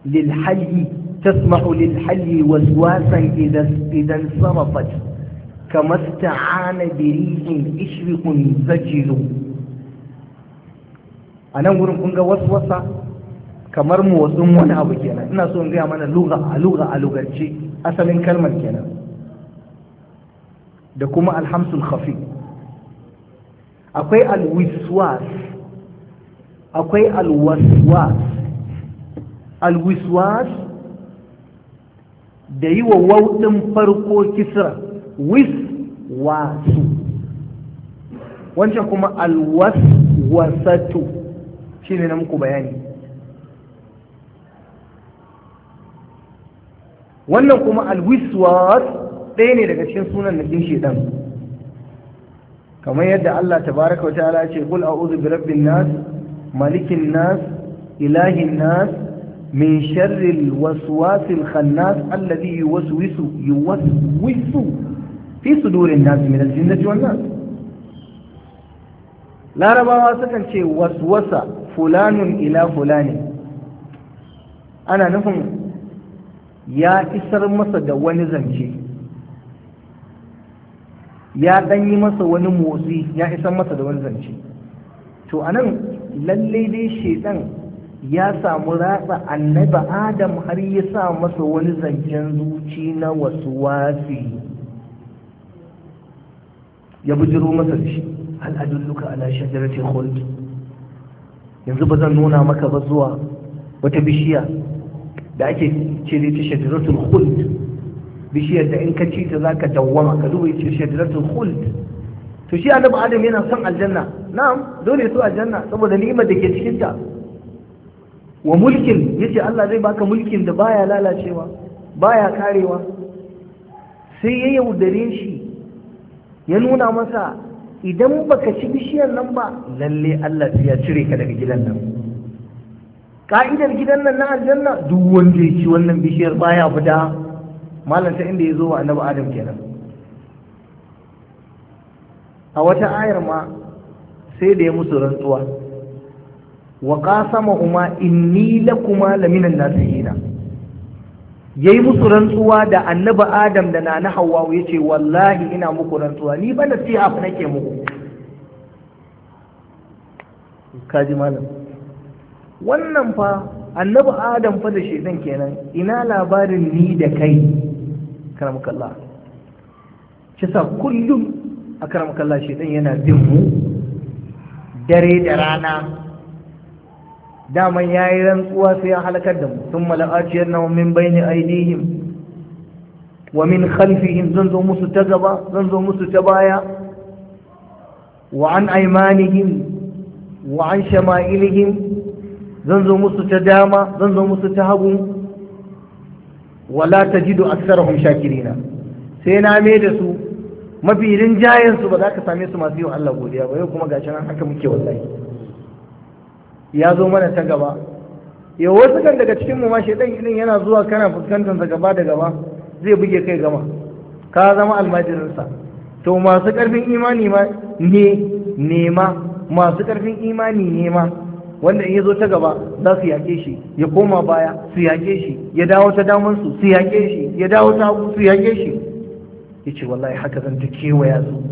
lil hayyi tasma'u lil hayyi waswasan idan idan sarafat kama sta'ana bi rihin ishriqun zajilu a nan gurin kun ga waswasa kamar mu motsin wani abu kenan ina so in gaya mana lugha a lugha a lugarci asalin kalmar kenan da kuma alhamsul khafi akwai alwiswas akwai alwaswas alwiswas da yi wa wauɗin farko kisra wiswasu wancan kuma alwaswasatu shi ne na muku bayani wannan kuma alwiswas ɗaya ne daga cikin sunan ɗin shedan kamar yadda Allah Ta baraka wa ta'ala ce kul a'udhu bi rabbin nas malikin nas ilahin nas min sharril waswasil khannas alladhi yuwaswisu yuwaswisu fi sudurin nas min al-jinnati wan nas larabawa sukan ce waswasa fulanun ila fulani ana nufin ya isar masa da wani zance ya ɗan yi masa wani motsi ya isan masa da wani zance to anan lallai dai shedan ya samu ratsa annabi adam har ya sa masa wani zancen zuci na wasu wasi ya bujiro masa da shi hal adulluka ala shajaratin khuld yanzu ba zan nuna maka ba zuwa wata bishiya da ake cire ta shajaratul khuld bishiyar da in ka ci ta ka dawwama ka duba yace shajaratul khuld to shi annabi adam yana son aljanna na'am dole so aljanna saboda ni'imar da ke cikin ta wa mulkin yace Allah zai baka mulkin da baya lalacewa baya karewa sai ya yaudare shi ya nuna masa idan baka ci bishiyar nan ba lalle Allah ya cire ka daga gidan nan ka'idar gidan nan na aljanna duk wanda ya ci wannan bishiyar baya fita malam ta inda ya zo wa annabi adam kenan a wata ayar ma sai da ya musu rantsuwa wa qasama huma inni lakuma laminan nasihina yayi musu rantsuwa da annabi adam da nana hawwa yace wallahi ina muku rantsuwa ni ba nasiha nake muku kaji malam wannan fa annabi adam fa da shedan kenan ina labarin ni da kai karamakalla kisa kullum a karamakalla shi yana bin mu dare da rana daman ya yi rantsuwa sai ya halakar da mu sun mala'aciyar na min bayani ainihin wa min khalfihim zan zo musu ta gaba zan zo musu ta baya wa an aimanihim wa an shama'ilihim zan zo musu ta dama zan zo musu ta hagu wala tajidu aksarahum shakirina sai na mai da su mafi rinjayen su ba za ka same su masu yin Allah godiya ba yau kuma gashi nan haka muke wallahi ya zo mana ta gaba yau wasu kan daga cikin mu ma shedan idan yana zuwa kana fuskantar sa gaba da gaba zai buge kai gama ka zama almajirinsa to masu karfin imani ma ne nema masu karfin imani nema wanda in ya zo ta gaba za su yaƙe shi ya koma baya su yaƙe shi ya dawo ta damansu su yaƙe shi ya dawo ta hagu su yaƙe shi ya ce wallahi haka zan ta kewaya su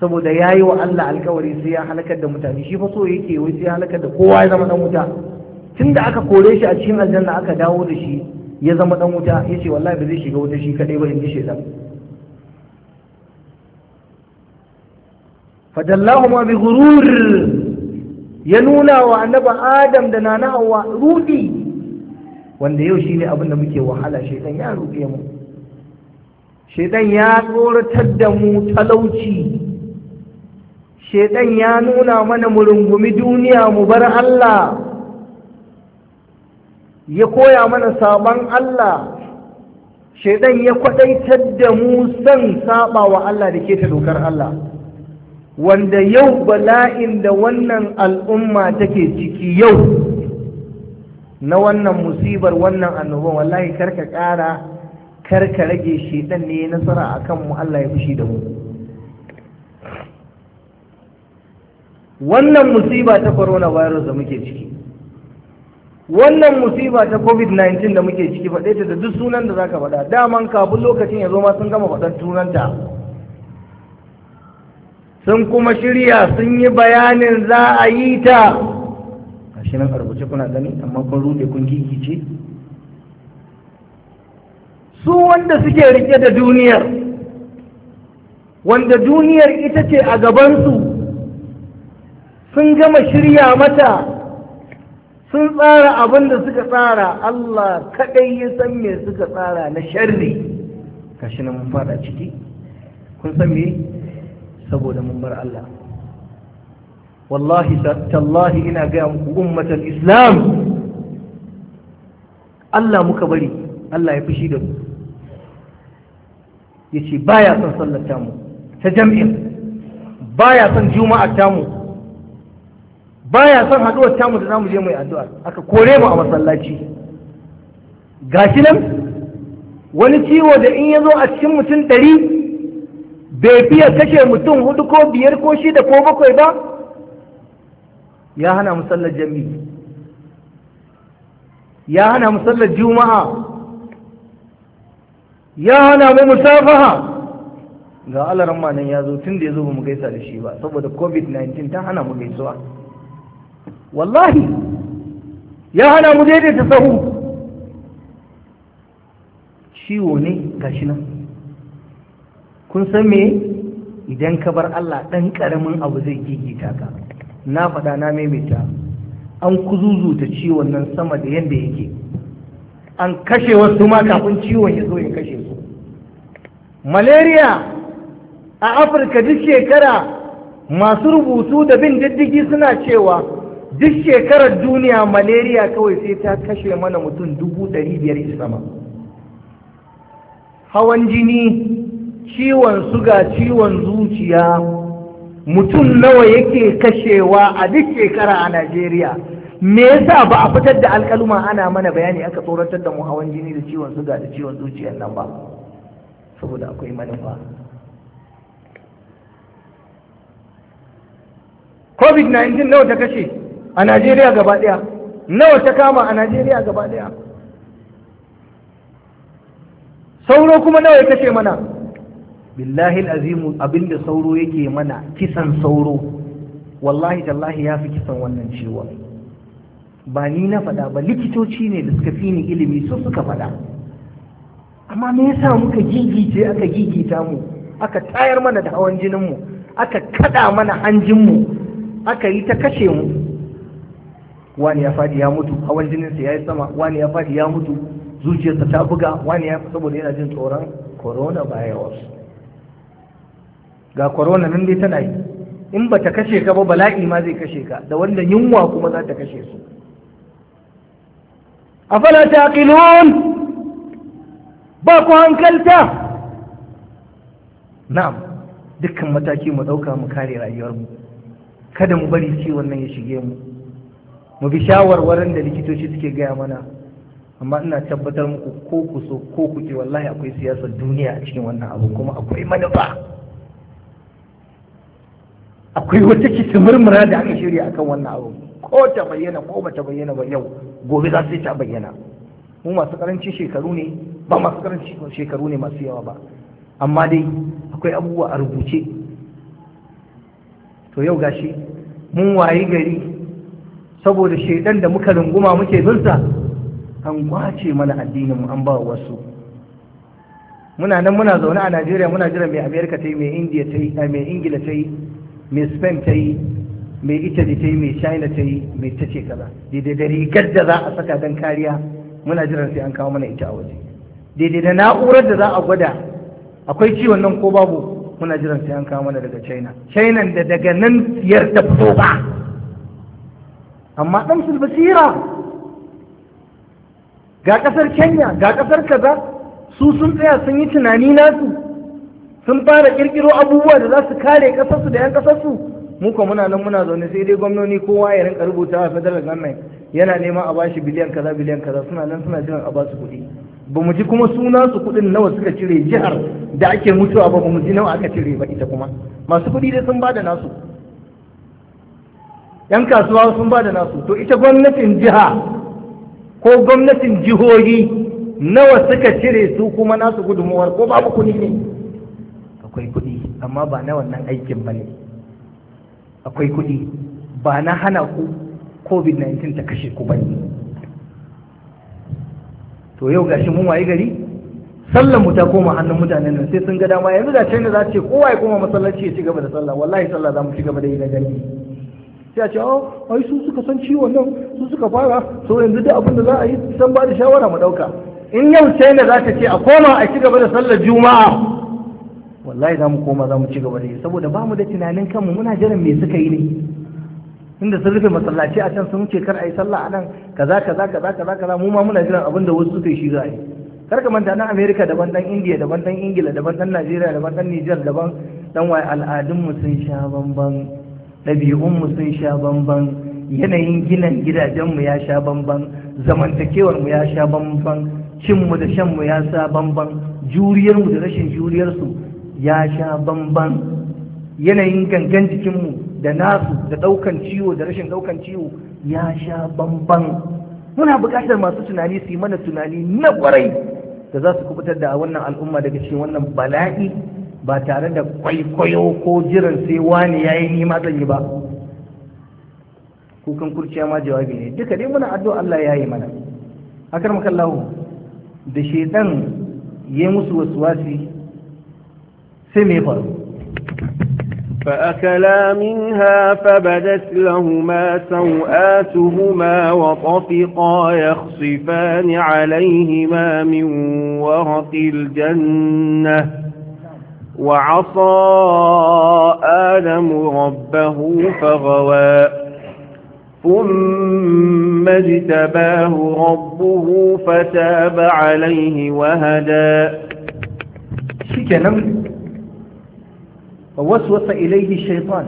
saboda ya yi wa Allah alkawari sai ya halakar da mutane shi fa so yake wai sai ya halakar da kowa ya zama dan wuta tun da aka kore shi a cikin aljanna aka dawo da shi ya zama dan wuta ya ce wallahi ba zai shiga wuta shi kaɗai ba in ji shaidan ma bi ghurur ya nuna wa annabi adam da nana hawa rudi wanda yau shine abin da muke wahala shaitan ya ruɗe mu shaitan ya tsoratar da mu talauci shaitan ya nuna mana mu rungumi duniya mu bar Allah ya koya mana sabon Allah shaitan ya kwadaitar da mu san saba wa Allah da ke ta dokar Allah wanda yau bala'in da wannan al'umma take ciki yau na wannan musibar wannan annoban wallahi karka ƙara karka rage shedan ne nasara a kanmu Allah ya fushi da mu wannan musiba ta corona virus da muke ciki wannan musiba ta covid-19 da muke ciki faɗe da duk sunan da zaka faɗa daman kafin lokacin ya zo ma sun gama faɗan sunanta sun kuma shirya sun yi bayanin za a yi ta a shi nan rubuce kuna gani amma kun rufe, kun gigice su wanda suke rike da duniyar wanda duniyar ita ce a gabansu sun gama shirya mata sun tsara abin da suka tsara Allah kaɗai ya san me suka tsara na sharri kashi nan mun fada ciki kun san me saboda mun bar Allah wallahi tallahi ina gaya muku ummatal islam Allah muka bari Allah ya fushi da mu yace baya son sallar tamu ta jam'in baya son juma'ar tamu baya son haduwar tamu da zamu je mai addu'a aka kore mu a masallaci gashi nan wani ciwo da in ya zo a cikin mutum ɗari bai fiye kashe mutum hudu ko biyar ko shida ko bakwai ba ya hana musallar Jami? ya hana musallar juma'a ya hana mu musafaha ga alaran manan ya zo tun da ya zo ba mu gaisa da shi ba saboda covid-19 ta hana mu gaisuwa wallahi ya hana mu daidaita sahu ciwo ne gashi nan kun san me idan ka bar Allah ɗan ƙaramin abu zai gigita ka na faɗa na maimaita an kuzuzuta ciwon nan sama da yadda yake an kashe wasu ma kafin ciwon ya zo ya kashe su malaria a afirka duk shekara masu rubutu da bin diddigi suna cewa duk shekarar duniya malaria kawai sai ta kashe mana mutum dubu ɗari biyar sama hawan jini ciwon suga ciwon zuciya mutum nawa yake kashewa a duk shekara a najeriya me yasa ba a fitar da alkaluma ana mana bayani aka tsoratar da mu hawan jini da ciwon suga da ciwon zuciyar nan ba saboda akwai manufa covid-19 nawa ta kashe a najeriya gaba daya nawa ta kama a najeriya gaba daya sauro kuma nawa ya kashe mana billahi azimu da sauro yake mana kisan sauro wallahi tallahi ya fi kisan wannan ciwon ba ni na faɗa ba likitoci ne da suka fi ni ilimi su suka faɗa amma me yasa muka gigice aka gigita mu aka tayar mana da hawan jininmu aka kada mana hanjinmu aka yi ta kashe mu wani ya faɗi ya mutu hawan jininsa ya yi sama wani ya faɗi ya mutu zuciyarsa ta buga wani ya saboda yana jin tsoron coronavirus ga corona nan dai tana yi in ba ta kashe ka ba bala'i ma zai kashe ka da wanda yunwa kuma za ta kashe su A ta taqilun ba ku hankalta na'am dukkan mataki mu ɗauka mu kare rayuwarmu kada mu bari ciwon nan ya shige mu mu bi shawarwarin da likitoci suke gaya mana amma ina tabbatar muku ko ku so ko ku ke wallahi akwai siyasar duniya a cikin wannan abu kuma akwai manufa akwai wata murmura da aka shirya akan wannan abu ko ta bayyana ko ba ta bayyana ba yau gobe za su yi ta bayyana mu masu karancin shekaru ne ba masu karancin shekaru ne masu yawa ba amma dai akwai abubuwa a rubuce to yau gashi mun wayi gari saboda shaidan da muka runguma muke binsa an kwace mana addinin an ba wasu muna nan muna zaune a najeriya muna jiran mai amerika ta yi mai india ta yi eh, mai ingila ta yi mai spain ta yi mai italy ta yi mai china ta yi mai ta ce kaza daidai da rigar da za a saka don kariya muna jiran sai an kawo mana ita a waje daidai da na'urar da za a gwada akwai ciwon nan ko babu muna jiran sai an kawo mana daga china china da daga nan siyar da fito ba amma dan basira ga kasar kenya ga kasar kaza su sun tsaya sun yi tunani nasu sun fara kirkiro abubuwa da za su kare kasarsu da 'yan kasarsu mu kuma muna nan muna zaune sai dai gwamnoni kowa ya rinka rubuta a federal government yana neman a bashi biliyan kaza biliyan kaza suna nan suna jiran a basu kuɗi ba mu ji kuma suna su kuɗin nawa suka cire jihar da ake mutuwa ba ba mu ji nawa aka cire ba ita kuma masu kuɗi dai sun bada nasu yan kasuwa sun bada nasu to ita gwamnatin jiha ko gwamnatin jihohi nawa suka cire su kuma nasu gudunmuwar ko babu kuɗi ne akwai kuɗi amma ba na wannan aikin ba ne akwai kuɗi ba na hana ku covid-19 ta kashe ku ba ne to yau gashi mun waye gari sallan mu ta koma hannun mutanen nan sai sun ga dama yanzu da china za ce kowa ya koma masallaci ya ci gaba da sallah wallahi sallah za mu ci gaba da yi na gari. sai a ce oh ai su suka san ciwon nan su suka fara so yanzu da abin da za a yi san ba da shawara mu dauka in yau china za ta ce a koma a ci gaba da sallar juma'a wallahi za mu koma za mu ci gaba da yi saboda ba mu da tunanin kanmu muna jiran me suka yi ne inda sun rufe masallaci a can sun ce kar a yi sallah a nan kaza kaza kaza kaza kaza mu ma muna jiran abin da wasu suka yi shi za a yi kar ka manta na Amerika daban dan india daban dan ingila daban dan najeriya daban dan niger daban dan waye al'adun mu sun sha bamban ɗabi'un mu sun sha bamban yanayin ginin gidajen mu ya sha bamban zamantakewar mu ya sha bamban cin mu da shan mu ya sha bamban juriyar mu da rashin juriyar su ya sha bamban yanayin gangan jikinmu da nasu da ɗaukan ciwo da rashin ɗaukan ciwo ya sha bamban muna buƙatar masu tunani su yi mana tunani na ƙwarai da za su kubutar da wannan al'umma daga cikin wannan bala'i ba tare da kwaikwayo ko jiran sai wani ya yi nima zan yi ba kukan kurciya ma jawabi ne duka dai muna addu'a Allah ya yi mana akar makallahu da shaidan ya musu wasu wasi sai فأكلا منها فبدت لهما سوآتهما وطفقا يخصفان عليهما من ورق الجنة وعصى آدم ربه فغوى ثم اجتباه ربه فتاب عليه وهدى شكرا فوسوس إليه الشيطان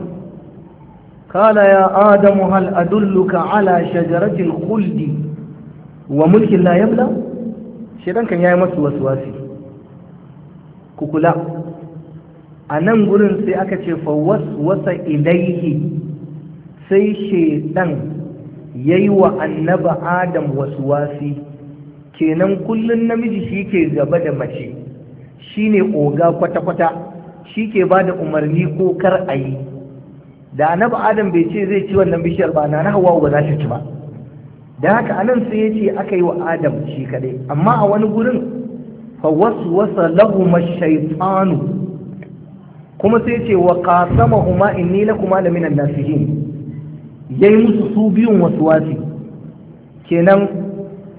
قال يا آدم هل أدلك على شجرة الخلد وملك لا يبلى الشيطان كان يمس وسواسي كوكولا anan gurin sai aka ce fawwas wasa ilaihi sai shaidan yayi wa annaba adam wasi. kenan kullum namiji shi ke gaba da mace shine oga kwata-kwata shi ke ba da umarni ko kar a yi da annabi adam bai ce zai ci wannan bishiyar ba na hawa ba za ta ci ba da haka anan sai ya ce aka yi wa adam shi kadai amma a wani gurin fa waswasa wasa ash kuma sai ce wa qasamahuma inni lakuma minan nasihin yayi musu su biyun waswasi kenan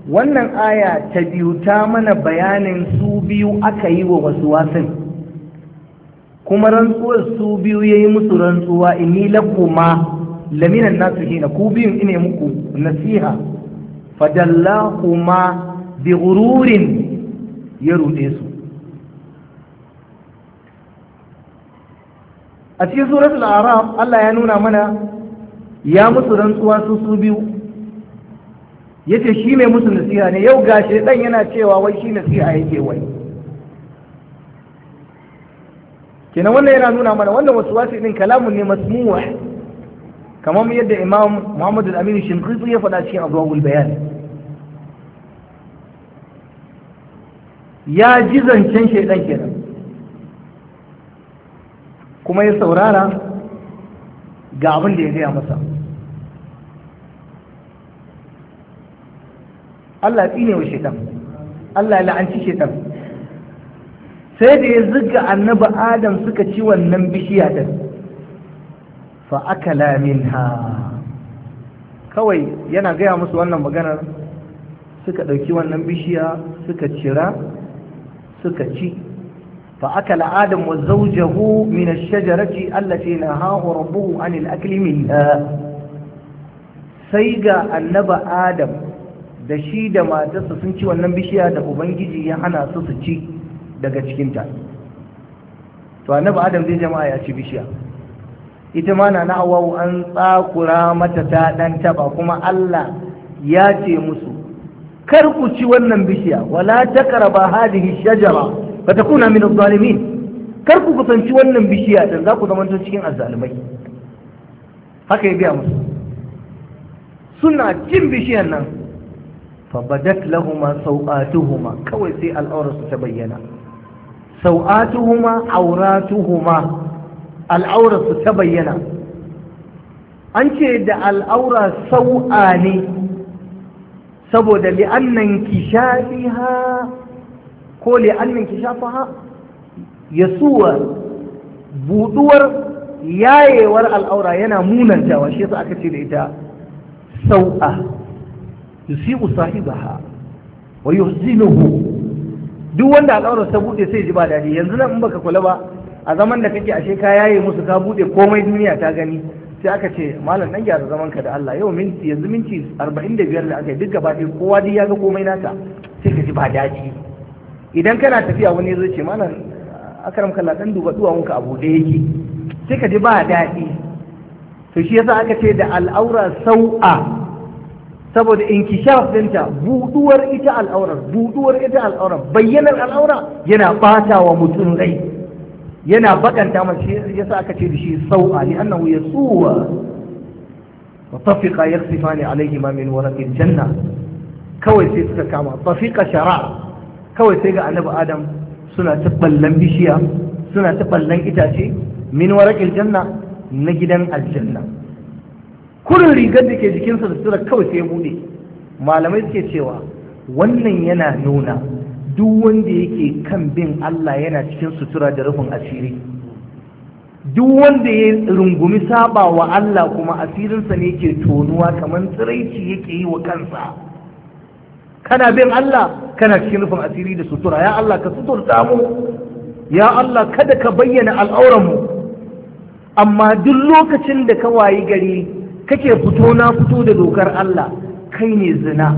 wannan aya ta biyu ta mana bayanin su biyu aka yi wa waswasin kuma rantsuwar su biyu yayi musu rantsuwa inni lakuma laminan nasu hina ku biyun ine muku nasiha fadallahuma bi ghururin ya rude su a cikin suratul araf Allah ya nuna mana ya musu rantsuwa su su biyu yace shi mai musu nasiha ne yau gashi dan yana cewa wai shi nasiha yake wai kenan wannan yana nuna mana wannan wasi din kalamun ne masmuwa kamar yadda imam muhammad al-amin shinqiti ya faɗa cikin abuwa bayan ya ji zancen shaidan kenan kuma ya saurara ga abin da ya gaya masa Allah ya tsine wa shaitan Allah ya la'anci shaitan sai da ya zuga annabi adam suka ci wannan bishiya din fa akala minha kawai yana gaya musu wannan maganar suka ɗauki wannan bishiya suka cira suka ci fa akala adam wa zawjahu min ash-shajarati allati nahahu rabbuhu an al-akli minha sai ga annaba adam da shi da matarsa sun ci wannan bishiya da ubangiji ya hana su su ci daga cikinta to annabi adam zai jama'a ya ci bishiya ita ma na hawawu an tsakura mata ta dan taba kuma Allah ya ce musu kar ku ci wannan bishiya wala takraba hadhihi shajara fatakuna min adh-dhalimin kar ku kusanci wannan bishiya dan za ku zama cikin azzalimai haka ya biya musu suna cin bishiyar nan fabadat lahuma sauƙatuhuma kawai sai al'aurarsu ta bayyana sau'atuhuma auratuhuma al'aura su ta bayyana an ce da al'aura sau'a ne saboda li'annan kishafiha ko li'annan kishafaha ya suwa buduwar yayewar al'aura yana munanta shi yasa aka ce da ita sau'a yusibu sahibaha wa yuhzinuhu duk wanda al'aurar ta bude sai ji ba daɗi yanzu nan in baka kula ba a zaman da kake ashe ka yaye musu ka bude komai duniya ta gani sai aka ce malam dan gyara zaman ka da Allah yau minti yanzu minti 45 da aka yi duk gaba ɗaya kowa dai ya ga komai naka, sai ka ji ba daɗi idan kana tafiya wani zai ce malam akaram kallah dan duba duwa ka abu da yake sai ka ji ba daɗi to shi yasa aka ce da al'aura sau'a saboda inkishaf dinta buduwar ita al'aura, buduwar ita al'aura, bayyanar al'aura yana bata wa mutum rai yana bakanta masa shi yasa aka ce da shi sau'a li annahu yasuwa wa tafiqa yakhsifani alayhi ma min waraqil janna kawai sai suka kama tafiqa shara kawai sai ga annabi adam suna ta ballan bishiya suna ta ballan itace min waraqil janna na gidan aljanna kurin rigar da ke jikinsa da sutura kawai sai bude malamai suke cewa wannan yana nuna duk wanda yake kan bin Allah yana cikin sutura da rufin asiri duk wanda ya rungumi saba wa Allah kuma asirinsa ne yake tonuwa kamar tsiraici yake yi wa kansa kana bin Allah kana cikin rufin asiri da sutura ya Allah ka suturta mu ya Allah kada ka bayyana mu. amma duk lokacin da ka wayi gari kake fito na fito da dokar Allah kai ne zina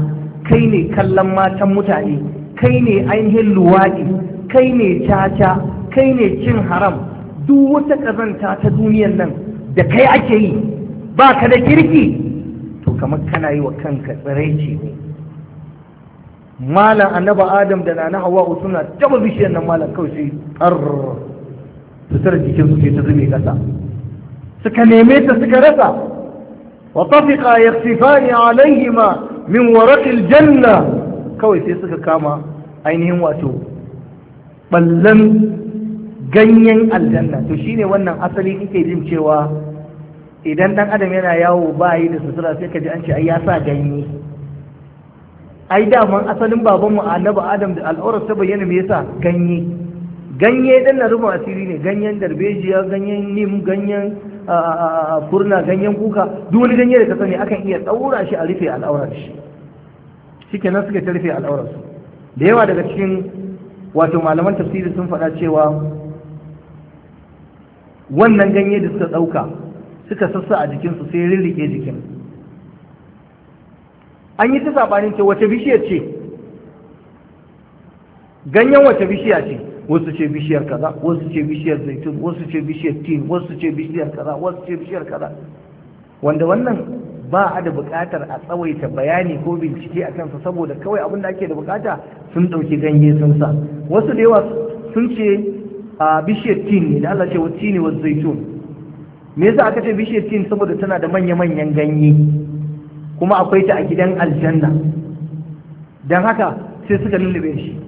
kai ne kallon matan mutane kai ne ainihin luwaɗi kai ne caca kai ne cin haram duk wata ƙazanta ta duniyar nan da kai ake yi ba ka da kirki to kamar kana yi wa kanka tsiraici ne malam annaba adam da na hawa suna taba bishiyar nan malam kawai sai ar fitar jikin su ta zube kasa suka neme ta suka rasa وطفقا يخففان عليهما min warakil janna kawai sai suka kama ainihin wato ballan ganyen aljanna to shine wannan asali kike jin cewa idan dan adam yana yawo ba yi da sutura sai ka ji an ce ai ya sa ganye ai daman asalin babanmu annabi adam da al'aurar ta bayyana me yasa ganye ganye dan na rubin asiri ne ganyen darbejiya ganyen nim ganyen furna ganyen kuka duk wani ganye da ka sani akan iya ɗaura shi a rufe al'aurar shi nan suka ta rufe al'aurar su da yawa daga cikin wato malaman tafsiri sun faɗa cewa wannan ganye da suka ɗauka suka sassa a jikinsu sai rirrike jikin an yi ta sabanin ce wace bishiyar ce ganyen wace bishiya ce wasu ce bishiyar kaza wasu ce bishiyar zaitun wasu ce bishiyar tin wasu ce bishiyar kaza wasu ce bishiyar kaza wanda wannan ba a da buƙatar a tsawaita bayani ko bincike a kansa saboda kawai abin da ake da buƙata sun ɗauki ganye sun sa wasu da yawa sun ce a bishiyar tin ne da Allah ce wasu tini wasu zaitun me yasa aka ce bishiyar tin saboda tana da manya-manyan ganye kuma akwai ta a gidan aljanna don haka sai suka lullube shi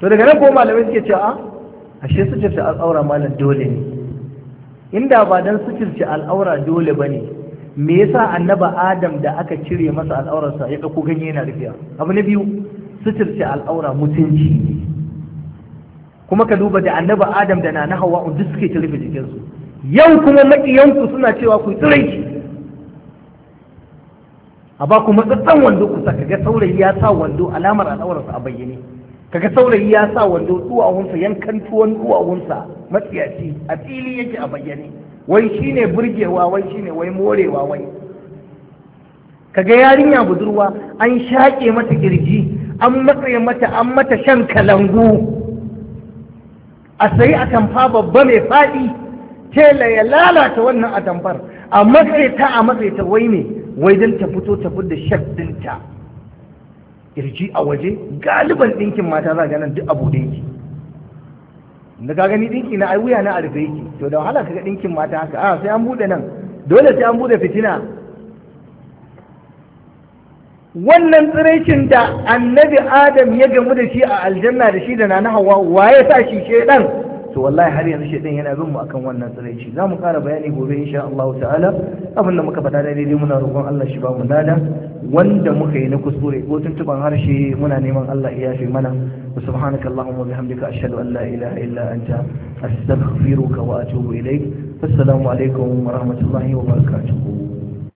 to daga nan ko malamai suke cewa a? Ah, ashe circe al'aura malam dole ne inda ba dan circe al'aura dole bane me yasa annaba adam da aka cire masa al'aurarsa ya ko ganye yana rufiya abu na biyu su circe al'aura mutunci ne kuma ka duba da annaba adam da na hawa un duk suke rufe jikinsu yau kuma makiyanku suna cewa ku tsirai a ba ku matsatsan wando ku saka ga saurayi ya sa wando alamar al'aurarsa a bayyane kaga saurayi ya sa wando duwawunsa yankan tuwon duwawunsa matsiyaci a fili yake a bayyane wai shi ne burgewa wai shi ne wai morewa wai kaga yarinya budurwa an shaƙe mata ƙirji, an matsaye mata an mata shan kalangu a sayi atamfa babba mai faɗi tela ya lalata wannan atamfar a matsaye ta a matsaye ta wai ne wai don ta fito ta da shaf ta. kirji a waje galiban ɗinkin mata za a ganin duk abu dinki yake da ka gani ɗinki na ai wuya na a yake to da wahala ka ga ɗinkin mata haka a ah, sai an buɗe nan dole sai an buɗe fitina wannan tsiraicin da annabi adam ya gamu da shi a aljanna da shi da na hawa waye sa shi shedan to wallahi har yanzu shedan yana bin mu akan wannan tsiraici za mu ƙara bayani gobe insha Allah ta'ala abin da muka faɗa daidai muna roƙon Allah shi ba mu lada wanda muka yi na kuskure ko tuntuban harshe muna neman Allah ya yafe mana subhanaka allahumma bihamdika ashhadu an la ilaha illa anta astaghfiruka wa atubu ilayk assalamu alaikum wa rahmatullahi wa barakatuh